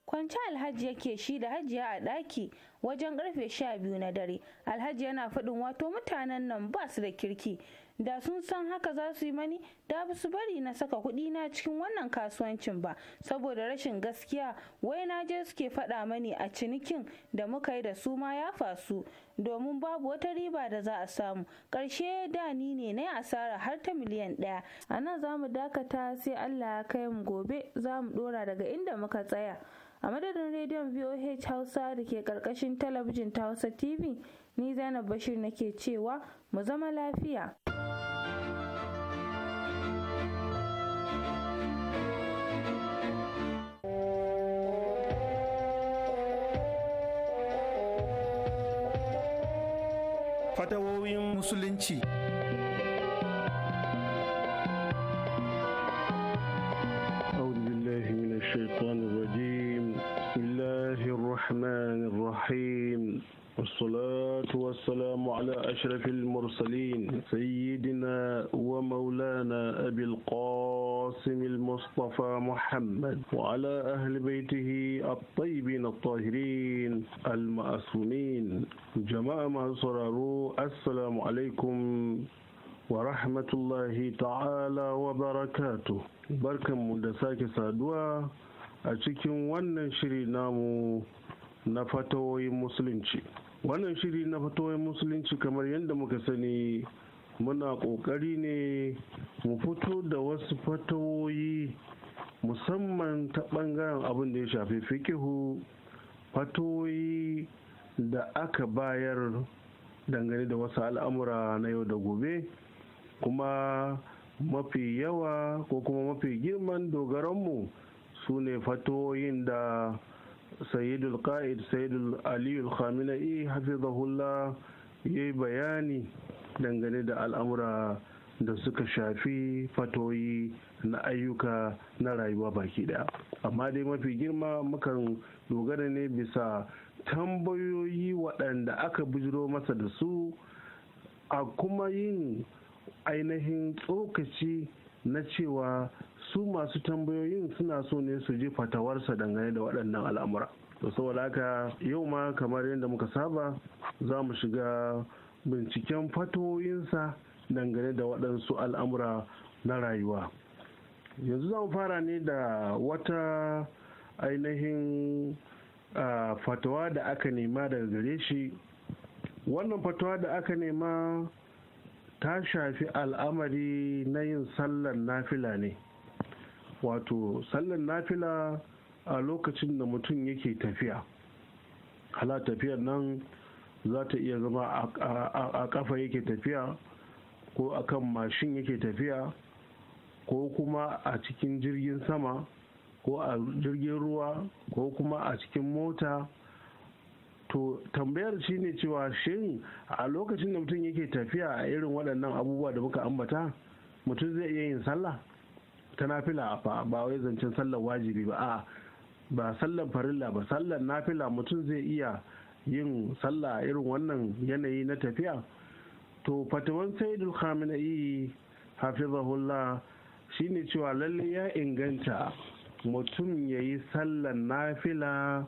kwanci alhaji yake shi da hajiya a ɗaki wajen karfe sha biyu na dare alhaji yana faɗin wato mutanen nan ba su da kirki da sun san haka za su yi mani da su bari na saka kuɗi na cikin wannan kasuwancin ba saboda rashin gaskiya wai na je suke faɗa mani a cinikin da muka yi da su ma ya fasu domin babu wata riba da za a samu ƙarshe da ni ne na asara har ta miliyan ɗaya a nan za mu dakata sai allah ya kai mu gobe za mu ɗora daga inda muka tsaya a madadin rediyon voh hausa da ke karkashin talabijin ta hausa tv ni zainab bashir nake cewa mu zama lafiya fatawoyin musulunci والسلام على أشرف المرسلين سيدنا ومولانا أبي القاسم المصطفى محمد وعلى أهل بيته الطيبين الطاهرين المأسومين جماعة معصرارو السلام عليكم ورحمة الله تعالى وبركاته بركة مدساك سادوا أشكي ونشري نامو نفتوي مسلمشي wannan shiri na fatoyin musulunci kamar yadda muka sani muna ƙoƙari ne mu fito da wasu fatoyi musamman ta ɓangaren abin da ya shafi fikihu fatoyi da aka bayar dangane da wasu al'amura na yau da gobe kuma mafi yawa ko kuma mafi girman dogaranmu su ne fatoyin da sayyidul qa'id sayyidul aliyul khamenei hafizahullah ya yi bayani dangane da al'amura da suka shafi fatoyi na ayyuka na rayuwa baki daya amma dai mafi girma mukan dogara ne bisa tambayoyi waɗanda aka bijiro masa da su a kuma yin ainihin tsokaci na cewa su masu tambayoyin suna so ne su ji fatawarsa dangane da waɗannan al'amura to saboda haka yau ma kamar yadda muka saba za mu shiga binciken fatoyinsa dangane da waɗansu al'amura na rayuwa yanzu za mu fara ne da wata ainihin fatawa da aka nema daga gare shi wannan fatawa da aka nema ta shafi al'amari na yin sallar nafila ne wato sallan nafila a lokacin da mutum yake tafiya hala tafiyar nan za ta iya zama a kafa yake tafiya ko a kan mashin yake tafiya ko kuma a cikin jirgin sama ko a jirgin ruwa ko kuma a cikin mota to tambayar shine cewa shin a lokacin da mutum yake tafiya a irin waɗannan abubuwa da muka ambata mutum zai iya yin sallah ta nafila fa ba wai zancen sallar wajibi ba a ba sallar farilla ba sallar nafila mutum zai iya yin sallah irin wannan yanayi na tafiya to fatawan saidul khamenei hafizahullah shine cewa lalle ya inganta mutum ya yi sallar nafila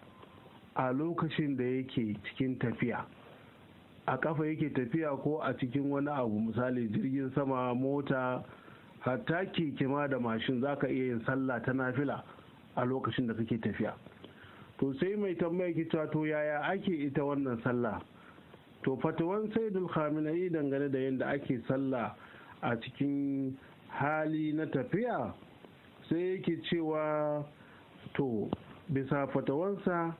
a lokacin da yake cikin tafiya a kafa yake tafiya ko a cikin wani abu misali jirgin sama mota hatta keke ma da mashin za ka iya yin sallah ta nafila a lokacin da kake tafiya to sai mai tambaya ki to yaya ake ita wannan sallah to fatawan saidul khamenei dangane da yadda ake sallah a cikin hali na tafiya sai yake cewa to bisa fatawansa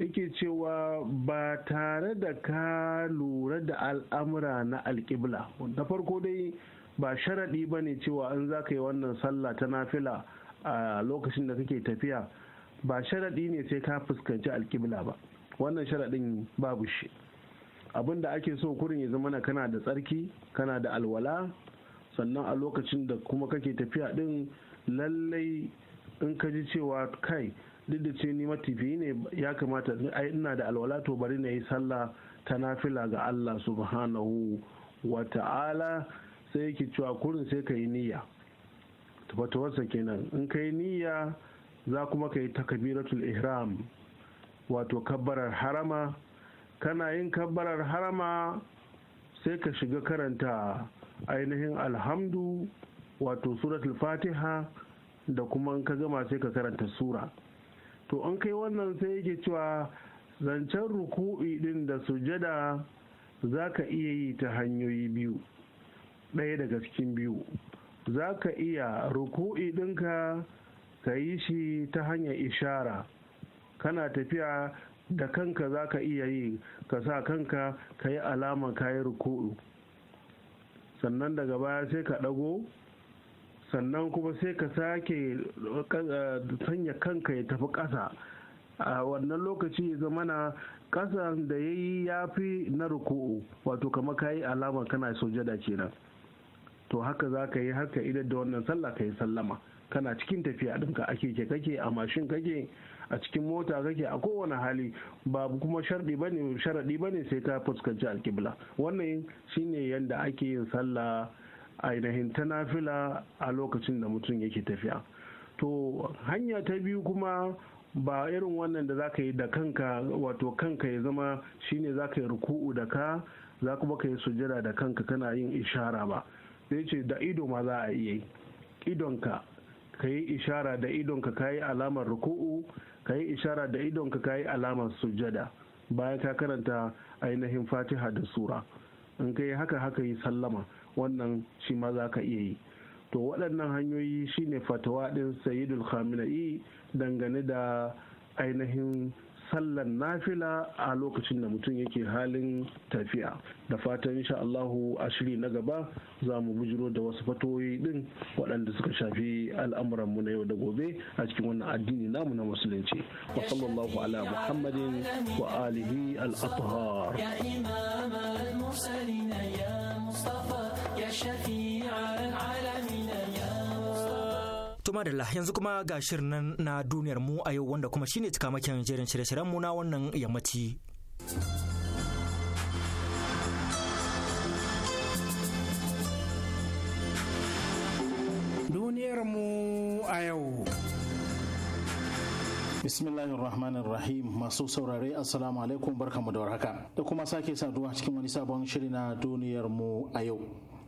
yake cewa ba tare da ka lura da al'amura na alƙibla na farko dai ba sharaɗi ba ne cewa in za ka yi wannan sallah ta nafila a lokacin da kake tafiya ba sharaɗi ne sai ka fuskanci alƙibla ba wannan sharaɗin babu shi abin da ake so kurin ya zama na kana da tsarki kana da alwala sannan a lokacin da kuma kake tafiya ɗin lallai in ka ji cewa kai duk da ce ni matifi ne ya kamata ai ina da alwala to bari na yi sallah ta nafila ga Allah subhanahu wa ta'ala sai yake cewa kurin sai ka yi niyya tafatuwarsa kenan in ka yi niyya za kuma ka yi takabiratul ihram wato kabbarar harama kana yin kabbarar harama sai ka shiga karanta ainihin alhamdu wato suratul fatiha da kuma in ka gama sai ka karanta sura to in kai wannan sai yake cewa zancen ruku'i din da sujada za ka iya yi ta hanyoyi biyu ɗaya daga cikin biyu za ka iya ruku'i ɗinka ka yi shi ta hanyar ishara kana tafiya da kanka za ka iya yi ka sa kanka ka yi alama ka yi ruku'u sannan daga baya sai ka ɗago sannan kuma sai ka sake eh, sanya kanka ya tafi ƙasa a wannan lokaci ya zamana ƙasan da ya yi ya fi na ruku'u wato kama ka yi alama kana sojada kenan. to haka za ka yi haka idan da wannan sallah ka yi sallama kana cikin tafiya ɗinka ake ke kake a mashin kake a cikin mota kake a kowane hali ba kuma sharɗi ba ne sharaɗi ba ne sai ka fuskanci alƙibla wannan shine yadda ake yin sallah ainihin ta nafila a lokacin da mutum yake tafiya to hanya ta biyu kuma ba irin wannan da zaka yi da kanka wato kanka ya zama shine zaka yi ruku'u da ka za kuma ka yi sujada da kanka kana yin ishara ba sai ce da ido ma za a iya yi idonka ka yi ishara da idonka ka yi alamar ruku'u ka yi ishara da idonka ka yi alamar sujada bayan ka karanta ainihin fatiha da sura in ka yi haka haka yi sallama wannan shi ma za ka iya yi to waɗannan hanyoyi shine fatawa ɗin sayidul khamina'i dangane da ainihin sallan nafila a lokacin da mutum yake halin tafiya da fatan insha Allahu a shiri na gaba za mu bujiro da wasu fatoyi din waɗanda suka shafi al'amuran mu na yau da gobe a cikin wannan addini namu na musulunci wa sallallahu ala muhammadin wa alihi al ya shafi'a To da yanzu kuma ga shirin nan na duniyar mu a yau wanda kuma shine cikamakin jerin shirye-shiryen mu na wannan yammaci. Duniyar mu a yau. Bismillahirrahmanirrahim masu saurare assalamu alaikum barkamu da warhaka da kuma sake saduwa cikin wani sabon shiri na duniyar mu a yau.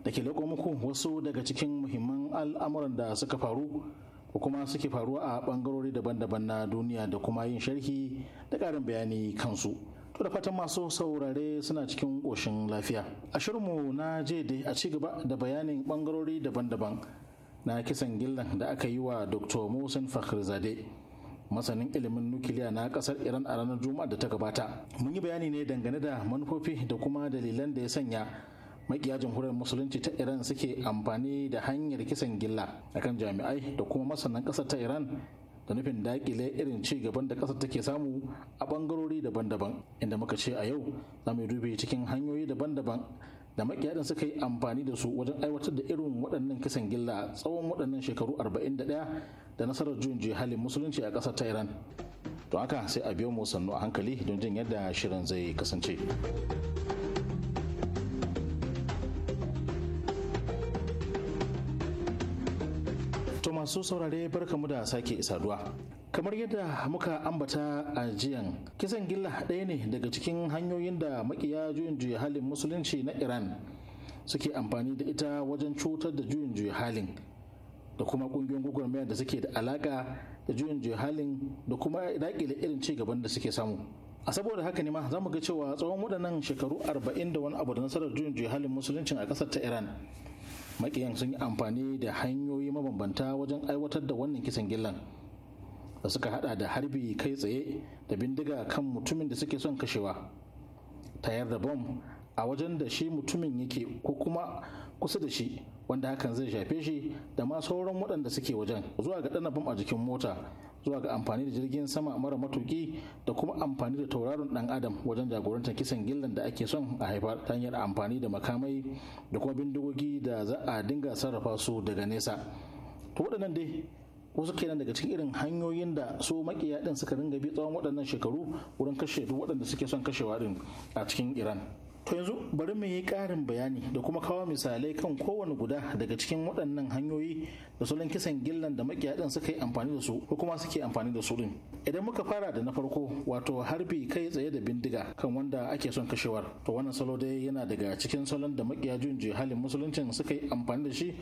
da ke lako muku wasu daga cikin muhimman al'amuran da suka faru ko kuma suke faruwa a bangarori daban-daban na duniya da kuma yin sharhi da ƙarin bayani kansu. To da fatan masu saurare suna cikin koshin lafiya. A shirinmu na jede a ci gaba da bayanin bangarori daban-daban na kisan gillan da aka yi wa Dr. Musin Fakhrizadeh. masanin ilimin nukiliya na kasar iran a ranar juma'a da ta gabata mun yi bayani ne dangane da manufofi da kuma dalilan da ya sanya makiya jamhuriyar musulunci ta iran suke amfani da hanyar kisan gilla akan jami'ai da kuma masanan ƙasar ta iran da nufin dakile irin ci gaban da ƙasar take samu a bangarori daban-daban inda muka ce a yau za mu dubi cikin hanyoyi daban-daban da din suka yi amfani da su wajen aiwatar da irin waɗannan kisan gilla tsawon waɗannan shekaru 41 da nasarar juyin halin musulunci a kasar ta iran to haka sai a biyo mu sannu a hankali don jin yadda shirin zai kasance to masu saurare barkamu da sake saduwa kamar yadda muka ambata a jiyan kisan gilla ɗaya ne daga cikin hanyoyin da makiya juyin juya halin musulunci na iran suke amfani da ita wajen cutar da juyin juya halin da kuma kungiyoyin gwagwarmaya da suke da alaka da juyin juya halin da kuma daƙile irin ci gaban da suke samu a saboda haka ne ma za mu ga cewa tsawon waɗannan shekaru arba'in da wani abu da nasarar juyin juya halin musuluncin a ƙasar ta iran makiyan sun yi amfani da hanyoyi mabambanta wajen aiwatar da wannan kisan gillan da suka hada da harbi kai tsaye da bindiga kan mutumin da suke son kashewa tayar da bom a wajen da shi mutumin yake ko kuma kusa da shi wanda hakan zai shafe shi da ma sauran waɗanda suke wajen zuwa ga ɗana a jikin mota zuwa ga amfani da jirgin sama mara matuki da kuma amfani da tauraron ɗan adam wajen jagorantar kisan gillan da ake son a haifar ta hanyar amfani da makamai da kuma bindigogi da za a dinga sarrafa su daga nesa to waɗannan dai wasu kenan daga cikin irin hanyoyin da su makiya ɗin suka dinga bi tsawon waɗannan shekaru wurin kashe duk waɗanda suke son kashewa din a cikin iran To yanzu bari mu yi ƙarin bayani da kuma kawo misalai kan kowane guda daga cikin waɗannan hanyoyi da salon kisan gillan da ɗin suka yi amfani da su ko kuma suke amfani da su din. Idan muka fara da na farko wato harbi kai tsaye da bindiga kan wanda ake son kashewar. To wannan salo dai yana daga cikin salon da makiya juyin jihalin musuluncin suka yi amfani da shi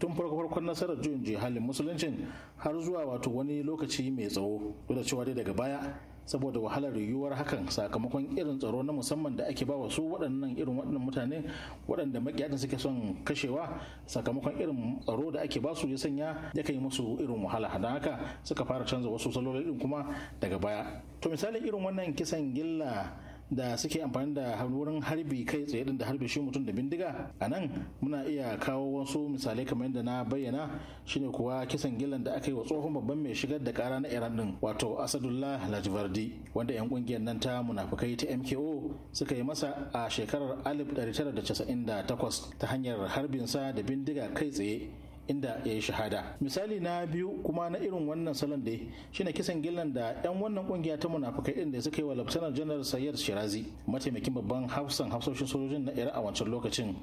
tun farko farkon nasarar juyin jihalin musuluncin har zuwa wato wani lokaci mai tsawo. Duk da cewa dai daga baya saboda wahalar yiwuwar hakan sakamakon irin tsaro na musamman da ake bawa su waɗannan irin waɗannan mutane waɗanda makiyatan suke son kashewa sakamakon irin tsaro da ake basu ya sanya ya kai musu irin wahala don haka suka fara canza wasu salolin kuma daga baya to misalin irin wannan kisan gilla da suke amfani da wurin harbi kai tsaye da harbi shi mutum da bindiga a nan muna iya kawo wasu misalai kamar yadda na bayyana shine kuwa kisan gillan da aka yi wa tsohon babban mai shigar da kara na iran din wato asadullah lajvardi wanda yan kungiyar nan ta munafukai ta mko suka yi masa a shekarar 1998 ta hanyar harbinsa da bindiga kai tsaye inda ya yi shahada misali na biyu kuma na irin wannan salon da shine kisan gillan da yan wannan kungiya ta munafukai inda suka yi wa laftanar janar sayyar shirazi mataimakin babban hafsan hafsoshin sojojin na ira a wancan lokacin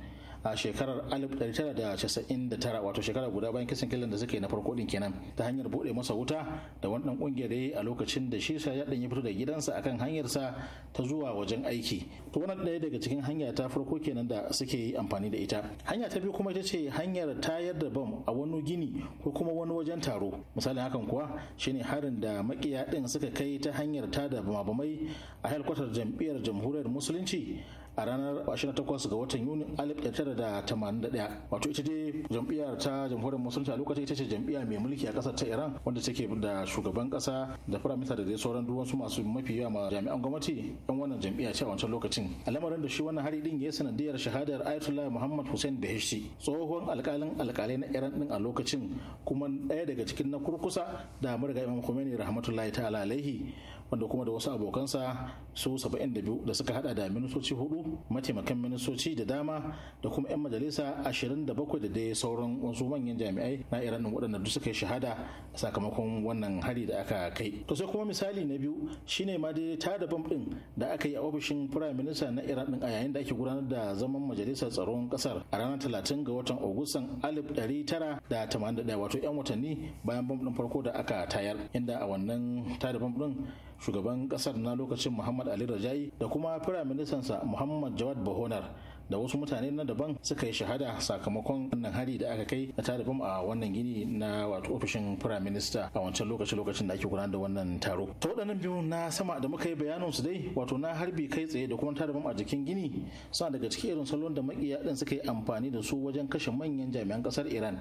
a shekarar 1999 wato shekara guda bayan kisan killin da suka yi na farko din kenan ta hanyar bude masa wuta da wani dan kungiyar yayi a lokacin da shi ya dan ya fito da gidansa akan sa ta zuwa wajen aiki to wannan daya daga cikin hanya ta farko kenan da suke yi amfani da ita hanya ta biyu kuma ita ce hanyar tayar da bam a wani gini ko kuma wani wajen taro misalin hakan kuwa shine harin da makiya din suka kai ta hanyar tada bamabamai a helkwatar jam'iyyar jamhuriyar musulunci a ranar 28 ga watan Yuni 1981 wato ita dai jam'iyyar ta jamhuriyar musulunci a lokacin ita ce jam'iyya mai mulki a kasar ta Iran wanda take da shugaban kasa da firamista da dai sauran duk wasu masu mafi yawa ma jami'an gwamnati yan wannan jam'iyya ce a wancan lokacin al'amarin da shi wannan hari din ya yi sanadiyar shahadar Ayatollah Muhammad Hussein da hishi tsohon alkalin alkalai na Iran din a lokacin kuma ɗaya daga cikin na kurkusa da marigayi Imam Khomeini rahmatullahi ta'ala alaihi wanda kuma da wasu abokansa su 72 da suka hada da ministoci hudu mataimakan ministoci da dama da kuma 'yan majalisa 27 da dai sauran wasu manyan jami'ai na iran waɗanda duk suka yi shahada sakamakon wannan hari da aka kai to sai kuma misali na biyu shine ma dai ta da bam din da aka yi a ofishin prime minister na iran din a yayin da ake gudanar da zaman majalisar tsaron kasar a ranar 30 ga watan agustan 1981 wato 'yan watanni bayan bam din farko da aka tayar inda a wannan ta da bam shugaban kasar na lokacin muhammad ali rajai da kuma Ministansa muhammad jawad bahonar da wasu mutane na daban suka yi shahada sakamakon wannan hari da aka kai na tare a wannan gini na wato ofishin prime minister a wancan lokacin lokacin da ake gudanar da wannan taro ta waɗannan biyu na sama da muka yi bayanin su dai wato na harbi kai tsaye da kuma tare a jikin gini suna daga cikin irin salon da makiya ɗin suka yi amfani da su wajen kashe manyan jami'an kasar iran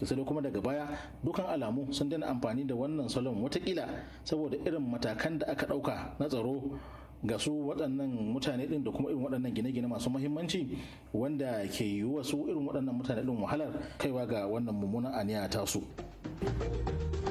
da sai kuma daga baya dukan alamu sun daina amfani da wannan salon watakila saboda irin matakan da aka dauka na tsaro ga su waɗannan mutane ɗin da kuma irin waɗannan gine-gine masu mahimmanci wanda ke yi wasu irin waɗannan mutane ɗin wahalar kaiwa ga wannan mummunan aniya tasu. su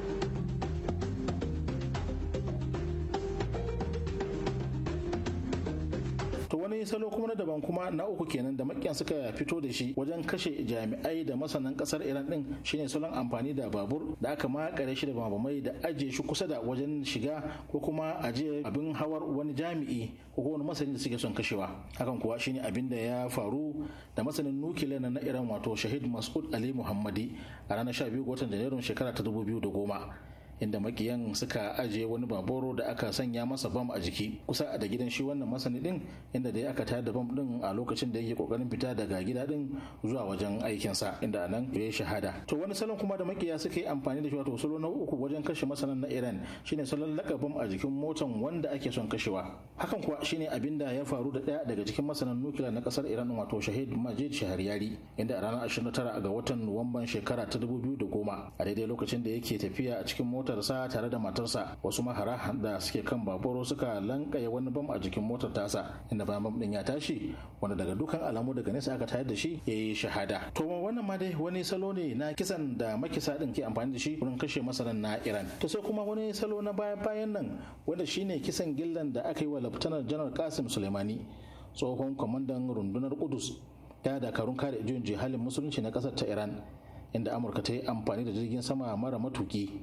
wani salo kuma na daban kuma na uku kenan da makiyan suka fito da shi wajen kashe jami'ai da masanan kasar iran din shine salon amfani da babur da aka makare shi da babamai da ajiye shi kusa da wajen shiga ko kuma ajiye abin hawar wani jami'i ko wani masanin da suke son kashewa hakan kuwa shine abin da ya faru da masanin nukiliya na iran wato shahid masud ali muhammadi a ranar 12 ga watan janairun shekara ta 2010 inda makiyan suka ajiye wani baboro da aka sanya masa bam a jiki kusa da gidan shi wannan masani din inda ya aka tayar da bam din a lokacin da yake kokarin fita daga gida din zuwa wajen aikinsa inda anan ya shahada to wani salon kuma da makiya suka yi amfani da shi wato salo na uku wajen kashe masanan na Iran shine salon bam a jikin motan wanda ake son kashewa hakan kuwa shine abin da ya faru da daya daga cikin masanan nukila na kasar Iran wato Shahid Majid Shahriyari inda a ranar 29 ga watan Nuwamban shekara ta 2010 a daidai lokacin da yake tafiya a cikin motarsa tare da matarsa wasu mahara da suke kan babur suka lankaye wani bam a jikin motar tasa inda bayan bam din ya tashi wanda daga dukan alamu daga nesa aka tayar da shi ya yi shahada to wannan ma dai wani salo ne na kisan da makisa din ke amfani da shi wurin kashe masanan na iran to sai kuma wani salo na baya bayan nan wanda shine kisan gillan da aka yi wa laftanar janar kasim suleimani tsohon kwamandan rundunar kudus ya dakarun kare juyin jihalin musulunci na kasar ta iran inda amurka ta yi amfani da jirgin sama mara matuki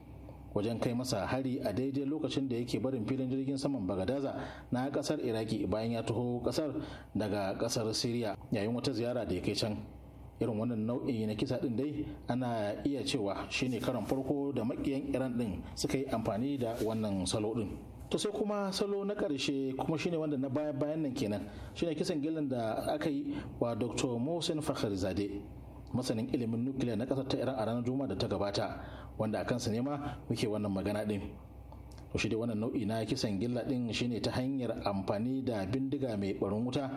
wajen kai masa hari a daidai lokacin da yake barin filin jirgin saman bagadaza na kasar iraki bayan ya taho kasar daga kasar syria yayin wata ziyara da ya kai can irin wannan nau'i na kisa din dai ana iya cewa shine karan farko da makiyan iran din suka yi amfani da wannan salo din to sai kuma salo na karshe kuma shine wanda na baya bayan nan kenan shine kisan gillan da aka yi wa dr mohsen fakhrizade masanin ilimin nukiliya na kasar ta iran a ranar juma'a da ta gabata wanda a kansa ne ma muke wannan magana din shi dai wannan nau'i na kisan gilla din shine ta hanyar amfani da bindiga mai barin wuta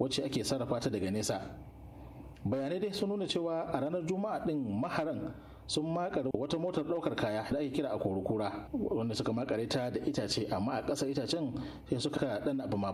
wacce ake sarrafa ta daga nesa bayanai dai sun nuna cewa a ranar juma'a din maharan sun makare wata motar daukar kaya da ake kira a korukura wanda suka makare ta da itace amma a ƙasa itacen sai suka dana bama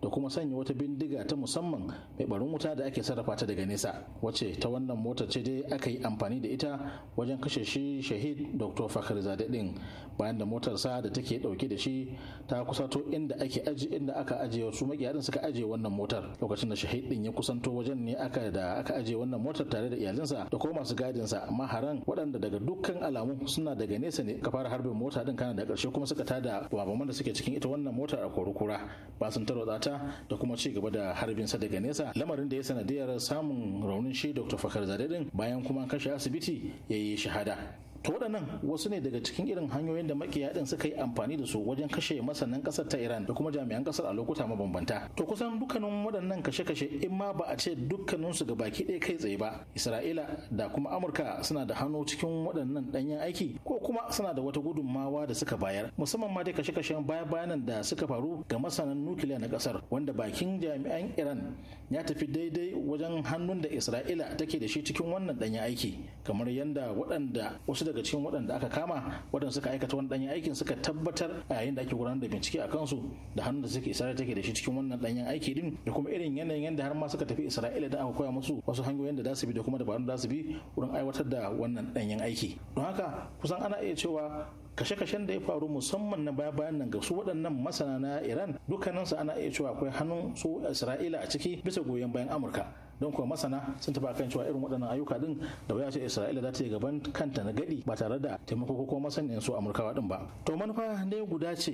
da kuma sanya wata bindiga ta musamman mai barin wuta da ake sarrafa ta daga nesa wacce ta wannan motar ce dai aka yi amfani da ita wajen kashe shi shahid dr fakhrizadeh din bayan da motarsa da take dauke da shi ta kusato inda ake aji inda aka aje wasu magiyarin suka aje wannan motar lokacin da shahid din ya kusanto wajen ne aka da aka aje wannan motar tare da iyalinsa da kuma masu gadin sa maharan waɗanda daga dukkan alamu suna daga nesa ne ka fara harbin mota din kana da karshe kuma suka tada babaman da suke cikin ita wannan motar a korukura ba sun tarwatsa da kuma ci gaba da harbin sa daga nesa lamarin da ya sanadiyar samun raunin shi Dr. Fakar Zade bayan kuma kashe asibiti ya yi shahada to waɗannan wasu ne daga cikin irin hanyoyin da makiya din suka yi amfani da su wajen kashe masanan ƙasar ta iran da kuma jami'an ƙasar a lokuta mabambanta to kusan dukkanin waɗannan kashe-kashe in ma ba a ce dukkaninsu ga baki ɗaya kai tsaye ba isra'ila da kuma amurka suna da hannu cikin waɗannan ɗanyen aiki ko kuma suna da wata gudummawa da suka bayar musamman ma dai kashe-kashen baya-bayanan da suka faru ga masanan nukiliya na ƙasar wanda bakin jami'an iran ya tafi daidai wajen hannun da isra'ila take da shi cikin wannan ɗanyen aiki kamar yadda waɗanda wasu daga daga cikin waɗanda aka kama waɗanda suka aikata wani ɗanyen aikin suka tabbatar a yayin da ake gudanar da bincike a kansu da hannun da suke isra'ila take da shi cikin wannan ɗanyen aiki din da kuma irin yanayin yadda har ma suka tafi isra'ila da aka koya musu wasu hanyoyin da za su bi da kuma dabarun da za su bi wurin aiwatar da wannan ɗanyen aiki don haka kusan ana iya cewa kashe-kashen da ya faru musamman na baya bayan nan ga su waɗannan masana na iran dukkaninsu ana iya cewa akwai hannun su isra'ila a ciki bisa goyon bayan amurka don kuma masana sun taba kan cewa irin waɗannan ayyuka din da wuya ce isra'ila za ta yi gaban kanta na gadi ba tare da taimako ko kuma masaniyan su amurkawa din ba to manufa ne guda ce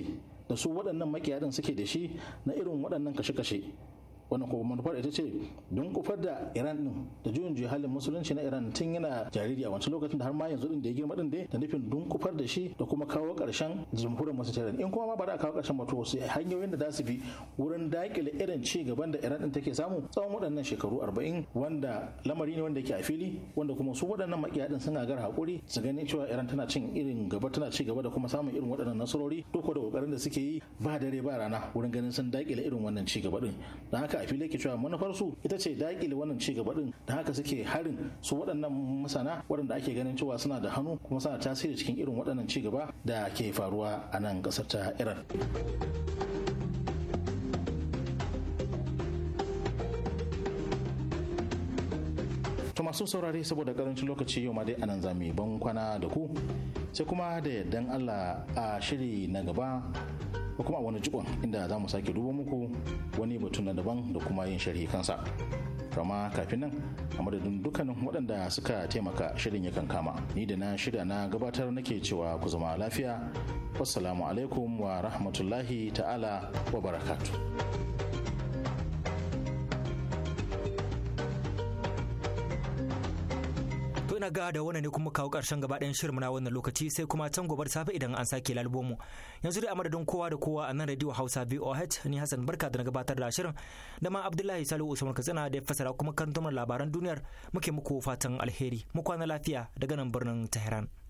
da su waɗannan makiya din suke da shi na irin waɗannan kashe-kashe wannan ko manufar ita ce don kufar da iran din da juyin halin musulunci na iran tun yana jariri a wancan lokacin da har ma yanzu din da ya girma din dai da nufin don kufar da shi da kuma kawo karshen jamhuriyar musulunci iran in kuma ma ba a kawo karshen to sai hanyoyin da za su bi wurin dakile irin ci gaban da iran din take samu tsawon waɗannan shekaru arba'in wanda lamari ne wanda yake a fili wanda kuma su waɗannan makiya din suna gar hakuri su gani cewa iran tana cin irin gaba tana ci gaba da kuma samun irin waɗannan nasarori duk da kokarin da suke yi ba dare ba rana wurin ganin sun dakile irin wannan ci gaba din don haka a fili ke cewa manufarsu ita ce dakile wannan ci gaba din da haka suke harin su waɗannan masana waɗanda ake ganin cewa suna da hannu kuma suna tasiri cikin irin waɗannan ci gaba da ke faruwa a nan ƙasar ta iran masu saurare saboda karancin lokaci yau ma dai anan zami ban kwana da ku sai kuma da yardan Allah a shiri na gaba ko kuma wani jikon inda za mu sake duba muku wani batun na daban da kuma yin sharhi kansa rama kafin nan a madadin dukkanin waɗanda suka taimaka shirin ya kama ni da na shirya na gabatar nake cewa ku zama lafiya wassalamu alaikum wa rahmatullahi ta'ala wa barakatu. ina ga da wannan ne kuma kawo karshen gaba ɗayan shirin na wannan lokaci sai kuma can gobar safe idan an sake lalbomu mu yanzu dai a madadin kowa da kowa a nan radio hausa voh ni hassan barka da na gabatar da shirin da ma abdullahi salihu usman katsina da ya fasara kuma karantar labaran duniyar muke muku fatan alheri mu kwana lafiya daga nan birnin tehran